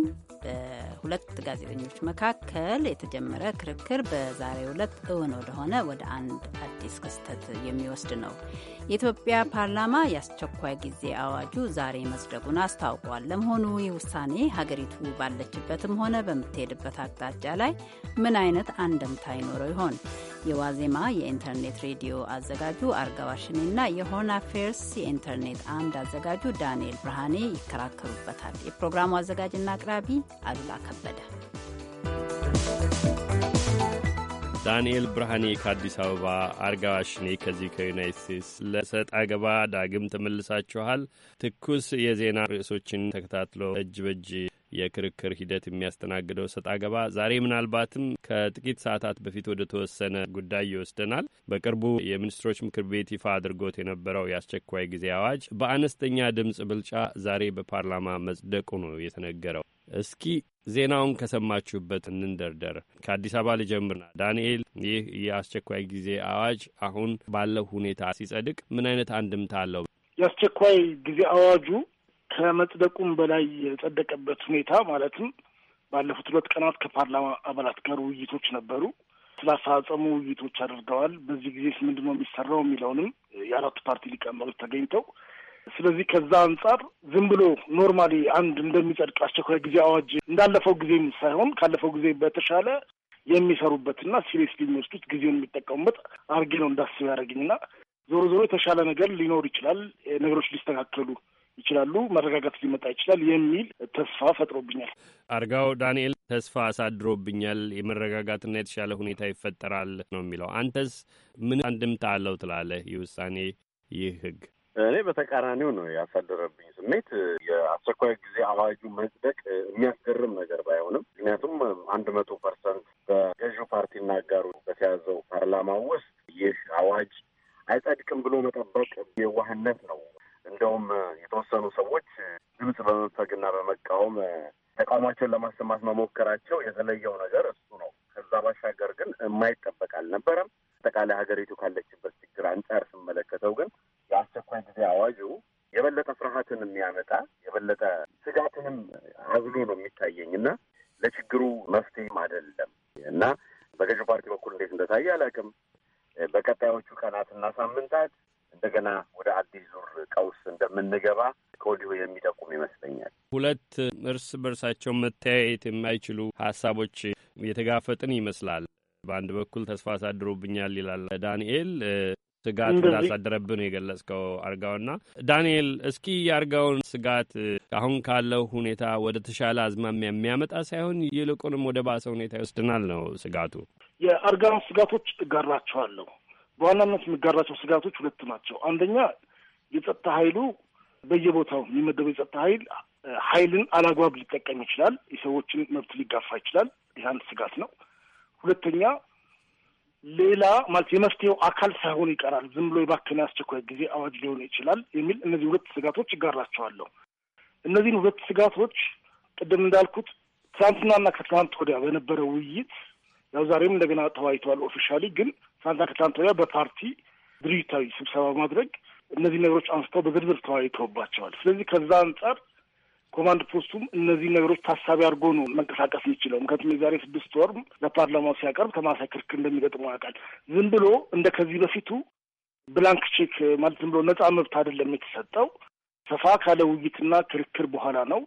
በሁለት ጋዜጠኞች መካከል የተጀመረ ክርክር በዛሬው ዕለት እውን ወደሆነ ወደ አንድ አዲስ ክስተት የሚወስድ ነው። የኢትዮጵያ ፓርላማ የአስቸኳይ ጊዜ አዋጁ ዛሬ መጽደቁን አስታውቋል። ለመሆኑ ይህ ውሳኔ ሀገሪቱ ባለችበትም ሆነ በምትሄድበት አቅጣጫ ላይ ምን አይነት አንድምታ ይኖረው ይሆን? የዋዜማ የኢንተርኔት ሬዲዮ አዘጋጁ አርጋዋሽኔና የሆን አፌርስ የኢንተርኔት አምድ አዘጋጁ ዳንኤል ብርሃኔ ይከራከሩበታል። የፕሮግራሙ አዘጋጅና አቅራቢ አሉላ ከበደ። ዳንኤል ብርሃኔ ከአዲስ አበባ፣ አርጋዋሽኔ ከዚህ ከዩናይት ስቴትስ ለሰጥ አገባ ዳግም ተመልሳችኋል። ትኩስ የዜና ርዕሶችን ተከታትሎ እጅ በእጅ የክርክር ሂደት የሚያስተናግደው ሰጥ አገባ ዛሬ ምናልባትም ከጥቂት ሰዓታት በፊት ወደ ተወሰነ ጉዳይ ይወስደናል። በቅርቡ የሚኒስትሮች ምክር ቤት ይፋ አድርጎት የነበረው የአስቸኳይ ጊዜ አዋጅ በአነስተኛ ድምፅ ብልጫ ዛሬ በፓርላማ መጽደቁ ነው የተነገረው። እስኪ ዜናውን ከሰማችሁበት እንንደርደር። ከአዲስ አበባ ልጀምርና ዳንኤል፣ ይህ የአስቸኳይ ጊዜ አዋጅ አሁን ባለው ሁኔታ ሲጸድቅ ምን አይነት አንድምታ አለው? የአስቸኳይ ጊዜ አዋጁ ከመጽደቁም በላይ የጸደቀበት ሁኔታ ማለትም ባለፉት ሁለት ቀናት ከፓርላማ አባላት ጋር ውይይቶች ነበሩ። ስለ አፈጻጸሙ ውይይቶች አድርገዋል። በዚህ ጊዜ ምንድን ነው የሚሰራው የሚለውንም የአራቱ ፓርቲ ሊቀመንበሮች ተገኝተው ስለዚህ ከዛ አንጻር ዝም ብሎ ኖርማሊ አንድ እንደሚጸድቅ አስቸኳይ ጊዜ አዋጅ እንዳለፈው ጊዜም ሳይሆን ካለፈው ጊዜ በተሻለ የሚሰሩበትና ሲሪየስሊ የሚወስዱት ጊዜውን የሚጠቀሙበት አርጌ ነው እንዳስብ ያደረግኝና ዞሮ ዞሮ የተሻለ ነገር ሊኖር ይችላል። ነገሮች ሊስተካከሉ ይችላሉ፣ መረጋጋት ሊመጣ ይችላል የሚል ተስፋ ፈጥሮብኛል። አርጋው ዳንኤል ተስፋ አሳድሮብኛል፣ የመረጋጋትና የተሻለ ሁኔታ ይፈጠራል ነው የሚለው። አንተስ ምን አንድምታ አለው ትላለህ? ይህ ውሳኔ ይህ ህግ? እኔ በተቃራኒው ነው ያሳደረብኝ ስሜት። የአስቸኳይ ጊዜ አዋጁ መጽደቅ የሚያስገርም ነገር ባይሆንም ምክንያቱም አንድ መቶ ፐርሰንት በገዢው ፓርቲና አጋሩ በተያዘው ፓርላማ ውስጥ ይህ አዋጅ አይጸድቅም ብሎ መጠበቅ የዋህነት ነው። እንደውም የተወሰኑ ሰዎች ድምፅ በመንፈግና በመቃወም ተቃውሟቸውን ለማሰማት መሞከራቸው የተለየው ነገር እሱ ነው። ከዛ ባሻገር ግን የማይጠበቅ አልነበረም። አጠቃላይ ሀገሪቱ ካለችበት ችግር አንጻር ስመለከተው ግን የአስቸኳይ ጊዜ አዋጁ የበለጠ ፍርሃትን የሚያመጣ የበለጠ ስጋትንም አብሎ ነው የሚታየኝ እና ለችግሩ ሁለት እርስ በርሳቸው መተያየት የማይችሉ ሀሳቦች የተጋፈጥን ይመስላል። በአንድ በኩል ተስፋ አሳድሮብኛል ይላል ዳንኤል ስጋት እንዳሳደረብን የገለጽከው አርጋውና ዳንኤል፣ እስኪ የአርጋውን ስጋት አሁን ካለው ሁኔታ ወደ ተሻለ አዝማሚያ የሚያመጣ ሳይሆን ይልቁንም ወደ ባሰ ሁኔታ ይወስድናል ነው ስጋቱ። የአርጋውን ስጋቶች እጋራቸዋለሁ። በዋናነት የሚጋራቸው ስጋቶች ሁለት ናቸው። አንደኛ የጸጥታ ኃይሉ በየቦታው የሚመደበው የጸጥታ ኃይል ኃይልን አላግባብ ሊጠቀም ይችላል። የሰዎችን መብት ሊጋፋ ይችላል። ይህ አንድ ስጋት ነው። ሁለተኛ ሌላ ማለት የመፍትሄው አካል ሳይሆን ይቀራል። ዝም ብሎ የባከነ አስቸኳይ ጊዜ አዋጅ ሊሆን ይችላል የሚል እነዚህ ሁለት ስጋቶች ይጋራቸዋለሁ። እነዚህን ሁለት ስጋቶች ቅድም እንዳልኩት ትናንትናና ከትናንት ወዲያ በነበረ ውይይት ያው ዛሬም እንደገና ተወያይተዋል። ኦፊሻሊ ግን ትናንትና ከትናንት ወዲያ በፓርቲ ድርጅታዊ ስብሰባ ማድረግ እነዚህ ነገሮች አንስተው በዝርዝር ተወያይተውባቸዋል። ስለዚህ ከዛ አንጻር ኮማንድ ፖስቱም እነዚህ ነገሮች ታሳቢ አድርጎ ነው መንቀሳቀስ የሚችለው። ምክንያቱም የዛሬ ስድስት ወር ለፓርላማው ሲያቀርብ ተማሳይ ክርክር እንደሚገጥመው ያውቃል። ዝም ብሎ እንደ ከዚህ በፊቱ ብላንክ ቼክ ማለት ዝም ብሎ ነጻ መብት አይደለም የተሰጠው። ሰፋ ካለ ውይይትና ክርክር በኋላ ነው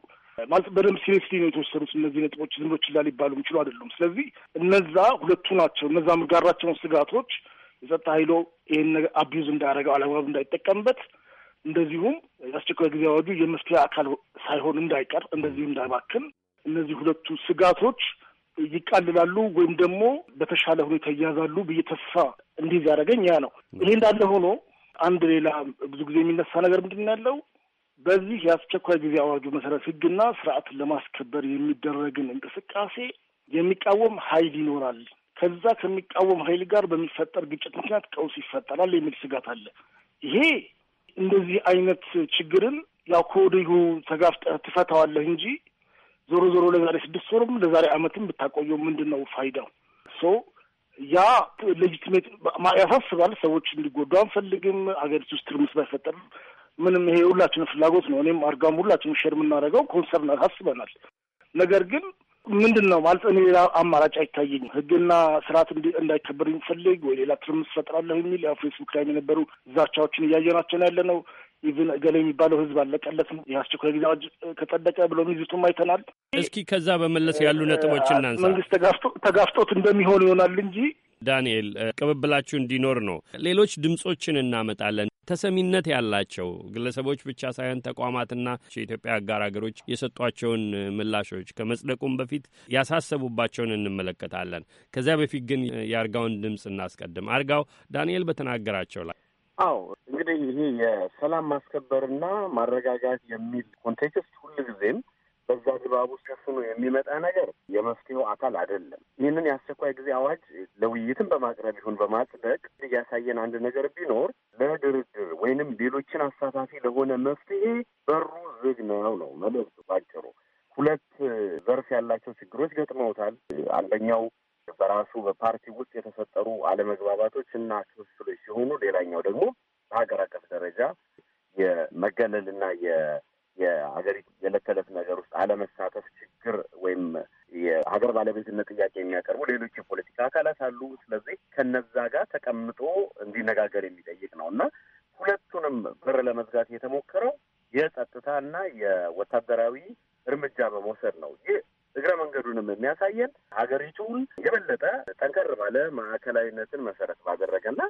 ማለት በደንብ ሲሪየስሊ ነው የተወሰዱት እነዚህ ነጥቦች። ዝም ብሎ ችላ ሊባሉ የሚችሉ አይደሉም። ስለዚህ እነዛ ሁለቱ ናቸው። እነዛ ምጋራቸውን ስጋቶች የጸጥታ ኃይሎ ይህን አቢዩዝ እንዳያደረገው አላግባብ እንዳይጠቀምበት እንደዚሁም የአስቸኳይ ጊዜ አዋጁ የመፍትሄ አካል ሳይሆን እንዳይቀር እንደዚሁ እንዳይባክን እነዚህ ሁለቱ ስጋቶች ይቃልላሉ ወይም ደግሞ በተሻለ ሁኔታ ይያዛሉ ብዬ ተስፋ እንዲህ ያደረገኝ ያ ነው። ይሄ እንዳለ ሆኖ አንድ ሌላ ብዙ ጊዜ የሚነሳ ነገር ምንድን ነው ያለው በዚህ የአስቸኳይ ጊዜ አዋጁ መሰረት ህግና ስርዓትን ለማስከበር የሚደረግን እንቅስቃሴ የሚቃወም ኃይል ይኖራል። ከዛ ከሚቃወም ኃይል ጋር በሚፈጠር ግጭት ምክንያት ቀውስ ይፈጠራል የሚል ስጋት አለ። ይሄ እንደዚህ አይነት ችግርን ያው ከወዲሁ ተጋፍጠህ ትፈታዋለህ እንጂ ዞሮ ዞሮ ለዛሬ ስድስት ወርም ለዛሬ አመትም ብታቆየው ምንድን ነው ፋይዳው? ሶ ያ ሌጂትሜት ያሳስባል። ሰዎች እንዲጎዱ አንፈልግም። አገሪቱ ውስጥ ትርምስ ባይፈጠር ምንም ይሄ ሁላችን ፍላጎት ነው። እኔም አርጋም ሁላችንም ሸር የምናደርገው ኮንሰርን አሳስበናል። ነገር ግን ምንድን ነው ማለት እኔ ሌላ አማራጭ አይታየኝም። ህግና ስርዓት እንዳይከበር የሚፈልግ ወይ ሌላ ትርምስ ፈጥራለሁ የሚል የአፍሪስ ላይ የነበሩ ዛቻዎችን እያየናቸው ያለ ነው። ኢቭን እገሌ የሚባለው ህዝብ አለቀለትም። ይህ ጊዜ አዋጅ ከጸደቀ ብሎ ሚዝቱም አይተናል። እስኪ ከዛ በመለስ ያሉ ነጥቦች እናንሳ። መንግስት ተጋፍቶት እንደሚሆን ይሆናል እንጂ ዳንኤል ቅብብላችሁ እንዲኖር ነው። ሌሎች ድምጾችን እናመጣለን። ተሰሚነት ያላቸው ግለሰቦች ብቻ ሳይሆን ተቋማትና የኢትዮጵያ አጋር ሀገሮች የሰጧቸውን ምላሾች ከመጽደቁም በፊት ያሳሰቡባቸውን እንመለከታለን። ከዚያ በፊት ግን የአርጋውን ድምፅ እናስቀድም። አርጋው ዳንኤል በተናገራቸው ላይ አዎ እንግዲህ ይሄ የሰላም ማስከበርና ማረጋጋት የሚል ኮንቴክስት ሁልጊዜም በዛ ድባብ ውስጥ ሸፍኖ የሚመጣ ነገር የመፍትሄው አካል አይደለም። ይህንን የአስቸኳይ ጊዜ አዋጅ ለውይይትም በማቅረብ ይሁን በማጽደቅ እያሳየን አንድ ነገር ቢኖር ለድርድር ወይንም ሌሎችን አሳታፊ ለሆነ መፍትሄ በሩ ዝግ ነው ነው መልዕክቱ ባጭሩ። ሁለት ዘርፍ ያላቸው ችግሮች ገጥመውታል። አንደኛው በራሱ በፓርቲ ውስጥ የተፈጠሩ አለመግባባቶች እና ክፍፍሎች ሲሆኑ፣ ሌላኛው ደግሞ በሀገር አቀፍ ደረጃ የመገለልና የሀገሪቱ የዕለት ተዕለት ነገር ውስጥ አለመሳተፍ ችግር ወይም የሀገር ባለቤትነት ጥያቄ የሚያቀርቡ ሌሎች የፖለቲካ አካላት አሉ። ስለዚህ ከነዛ ጋር ተቀምጦ እንዲነጋገር የሚጠይቅ ነው እና ሁለቱንም በር ለመዝጋት የተሞከረው የጸጥታና የወታደራዊ እርምጃ በመውሰድ ነው። ይህ እግረ መንገዱንም የሚያሳየን ሀገሪቱን የበለጠ ጠንከር ባለ ማዕከላዊነትን መሰረት ባደረገና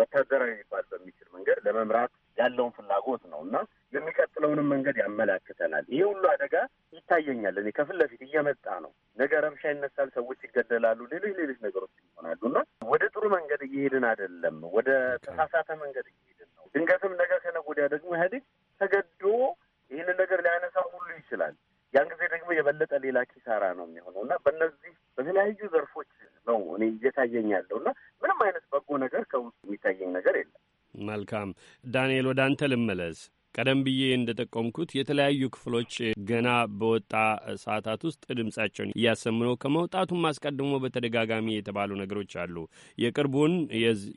ወታደራዊ ሊባል በሚችል መንገድ ለመምራት ያለውን ፍላጎት ነው እና የሚቀጥለውንም መንገድ ያመላክተናል። ይህ ሁሉ አደጋ ይታየኛል እኔ ከፊት ለፊት እየመጣ ነው። ነገ ረብሻ ይነሳል፣ ሰዎች ይገደላሉ፣ ሌሎች ሌሎች ነገሮች ይሆናሉ እና ወደ ጥሩ መንገድ እየሄድን አይደለም፣ ወደ ተሳሳተ መንገድ እየሄድን ነው። ድንገትም ነገ ከነገ ወዲያ ደግሞ ኢህአዴግ ተገዶ ይህንን ነገር ሊያነሳው ሁሉ ይችላል። ያን ጊዜ ደግሞ የበለጠ ሌላ ኪሳራ ነው የሚሆነው እና በእነዚህ በተለያዩ ዘርፎች ነው እኔ እየታየኝ ያለው እና ምንም አይነት በጎ ነገር ከውስጥ የሚታየኝ ነገር የለም። መልካም ዳንኤል፣ ወደ አንተ ልመለስ። ቀደም ብዬ እንደጠቆምኩት የተለያዩ ክፍሎች ገና በወጣ ሰዓታት ውስጥ ድምጻቸውን እያሰሙ ነው። ከመውጣቱም አስቀድሞ በተደጋጋሚ የተባሉ ነገሮች አሉ። የቅርቡን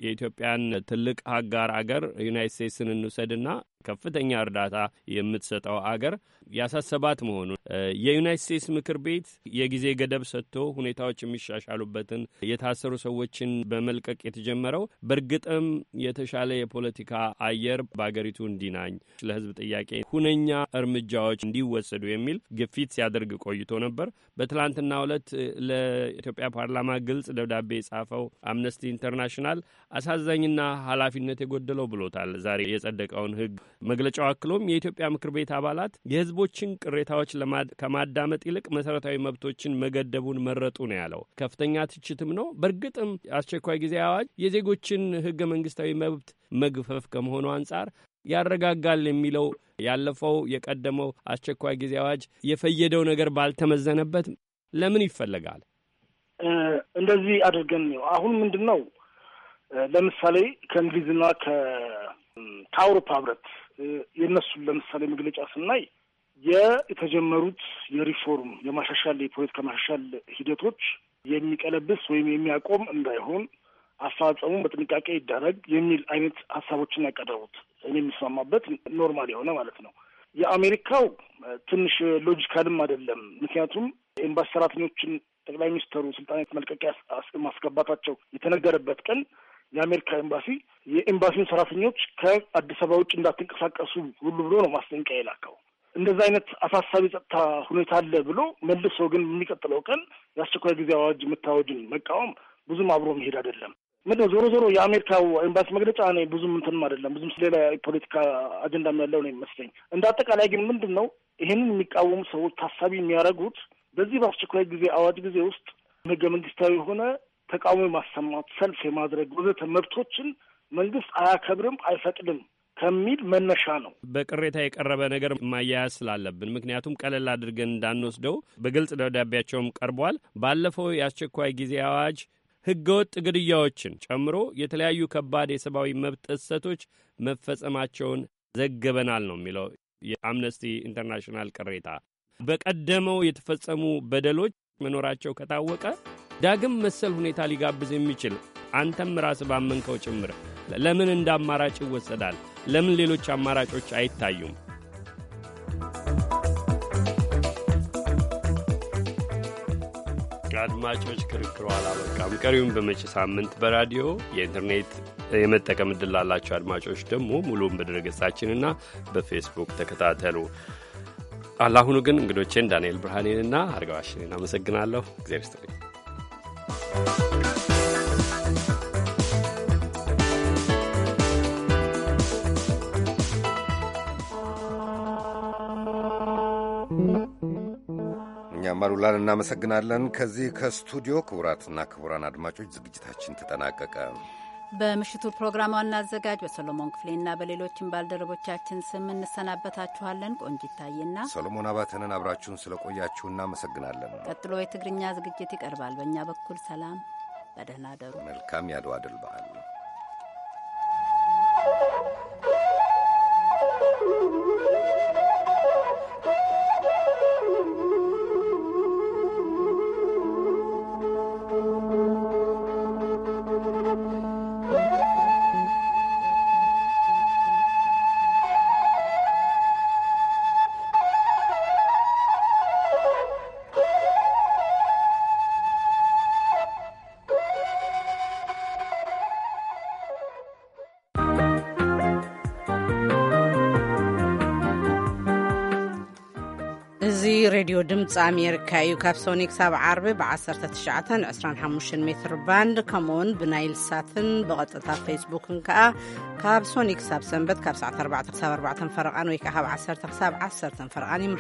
የኢትዮጵያን ትልቅ አጋር አገር ዩናይት ስቴትስን እንውሰድና ከፍተኛ እርዳታ የምትሰጠው አገር ያሳሰባት መሆኑን የዩናይት ስቴትስ ምክር ቤት የጊዜ ገደብ ሰጥቶ ሁኔታዎች የሚሻሻሉበትን የታሰሩ ሰዎችን በመልቀቅ የተጀመረው በእርግጥም የተሻለ የፖለቲካ አየር በአገሪቱ እንዲናኝ ለሕዝብ ጥያቄ ሁነኛ እርምጃዎች እንዲወሰዱ የሚል ግፊት ሲያደርግ ቆይቶ ነበር። በትላንትና ዕለት ለኢትዮጵያ ፓርላማ ግልጽ ደብዳቤ የጻፈው አምነስቲ ኢንተርናሽናል አሳዛኝና ኃላፊነት የጎደለው ብሎታል ዛሬ የጸደቀውን ህግ መግለጫው አክሎም የኢትዮጵያ ምክር ቤት አባላት የህዝቦችን ቅሬታዎች ከማዳመጥ ይልቅ መሰረታዊ መብቶችን መገደቡን መረጡ ነው ያለው። ከፍተኛ ትችትም ነው። በእርግጥም አስቸኳይ ጊዜ አዋጅ የዜጎችን ህገ መንግስታዊ መብት መግፈፍ ከመሆኑ አንጻር ያረጋጋል የሚለው ያለፈው የቀደመው አስቸኳይ ጊዜ አዋጅ የፈየደው ነገር ባልተመዘነበት ለምን ይፈለጋል? እንደዚህ አድርገን ነው አሁን ምንድን ነው ለምሳሌ ከእንግሊዝና ከአውሮፓ ህብረት የእነሱን ለምሳሌ መግለጫ ስናይ የተጀመሩት የሪፎርም የማሻሻል የፖለቲካ ማሻሻል ሂደቶች የሚቀለብስ ወይም የሚያቆም እንዳይሆን አፈጻጸሙ በጥንቃቄ ይደረግ የሚል አይነት ሀሳቦችን ያቀረቡት እኔ የሚስማማበት ኖርማል የሆነ ማለት ነው። የአሜሪካው ትንሽ ሎጂካልም አይደለም። ምክንያቱም ኤምባሲ ሰራተኞችን ጠቅላይ ሚኒስትሩ ስልጣናት መልቀቂያ ማስገባታቸው የተነገረበት ቀን የአሜሪካ ኤምባሲ የኤምባሲውን ሰራተኞች ከአዲስ አበባ ውጭ እንዳትንቀሳቀሱ ሁሉ ብሎ ነው ማስጠንቀቂያ የላከው። እንደዛ አይነት አሳሳቢ ጸጥታ ሁኔታ አለ ብሎ መልሶ ግን የሚቀጥለው ቀን የአስቸኳይ ጊዜ አዋጅ የምታወጅን መቃወም ብዙም አብሮ መሄድ አይደለም። ምንድን ዞሮ ዞሮ የአሜሪካው ኤምባሲ መግለጫ እኔ ብዙም እንትንም አይደለም ብዙም ሌላ የፖለቲካ አጀንዳም ያለው ነው የሚመስለኝ። እንደ አጠቃላይ ግን ምንድን ነው ይህንን የሚቃወሙ ሰዎች ታሳቢ የሚያደርጉት በዚህ በአስቸኳይ ጊዜ አዋጅ ጊዜ ውስጥ ህገ መንግስታዊ የሆነ ተቃውሞ የማሰማት፣ ሰልፍ የማድረግ ወዘተ መብቶችን መንግስት አያከብርም፣ አይፈቅድም ከሚል መነሻ ነው። በቅሬታ የቀረበ ነገር ማያያዝ ስላለብን ምክንያቱም ቀለል አድርገን እንዳንወስደው በግልጽ ደብዳቤያቸውም ቀርቧል። ባለፈው የአስቸኳይ ጊዜ አዋጅ ህገወጥ ግድያዎችን ጨምሮ የተለያዩ ከባድ የሰብአዊ መብት ጥሰቶች መፈጸማቸውን ዘግበናል ነው የሚለው የአምነስቲ ኢንተርናሽናል ቅሬታ። በቀደመው የተፈጸሙ በደሎች መኖራቸው ከታወቀ ዳግም መሰል ሁኔታ ሊጋብዝ የሚችል አንተም ራስ ባመንከው ጭምር ለምን እንደ አማራጭ ይወሰዳል? ለምን ሌሎች አማራጮች አይታዩም? አድማጮች፣ ክርክሩ አላበቃም። ቀሪውን በመጪ ሳምንት በራዲዮ የኢንተርኔት የመጠቀም እድል ላላቸው አድማጮች ደግሞ ሙሉውን በድረገጻችንና በፌስቡክ ተከታተሉ። አላሁኑ ግን እንግዶቼን ዳንኤል ብርሃኔንና አርጋዋሽኔን አመሰግናለሁ። እግዚአብሔር ይስጥልኝ። እኛም አሉላን እናመሰግናለን። ከዚህ ከስቱዲዮ ክቡራትና ክቡራን አድማጮች ዝግጅታችን ተጠናቀቀ። በምሽቱ ፕሮግራም ዋና አዘጋጅ በሰሎሞን ክፍሌና በሌሎችም ባልደረቦቻችን ስም እንሰናበታችኋለን። ቆንጂት ታዬና ሰሎሞን አባተንን አብራችሁን ስለቆያችሁ እናመሰግናለን። ቀጥሎ የትግርኛ ዝግጅት ይቀርባል። በእኛ በኩል ሰላም፣ በደህና ደሩ። መልካም ያድዋ ድል በዓል ድምፂ ኣሜሪካ እዩ ካብ ሶኒክ ሳብ ዓርቢ ብ1925 ሜትር ባንድ ከምኡውን ብናይልሳትን ብቐጥታ ፌስቡክን ከዓ ካብ ሶኒክ ሳብ ሰንበት ካብ ሰዓት 4 ሳብ 4 ፈረቓን ወይ ከዓ ካብ 1 ሳብ 1 ፈረቓን ይመሓ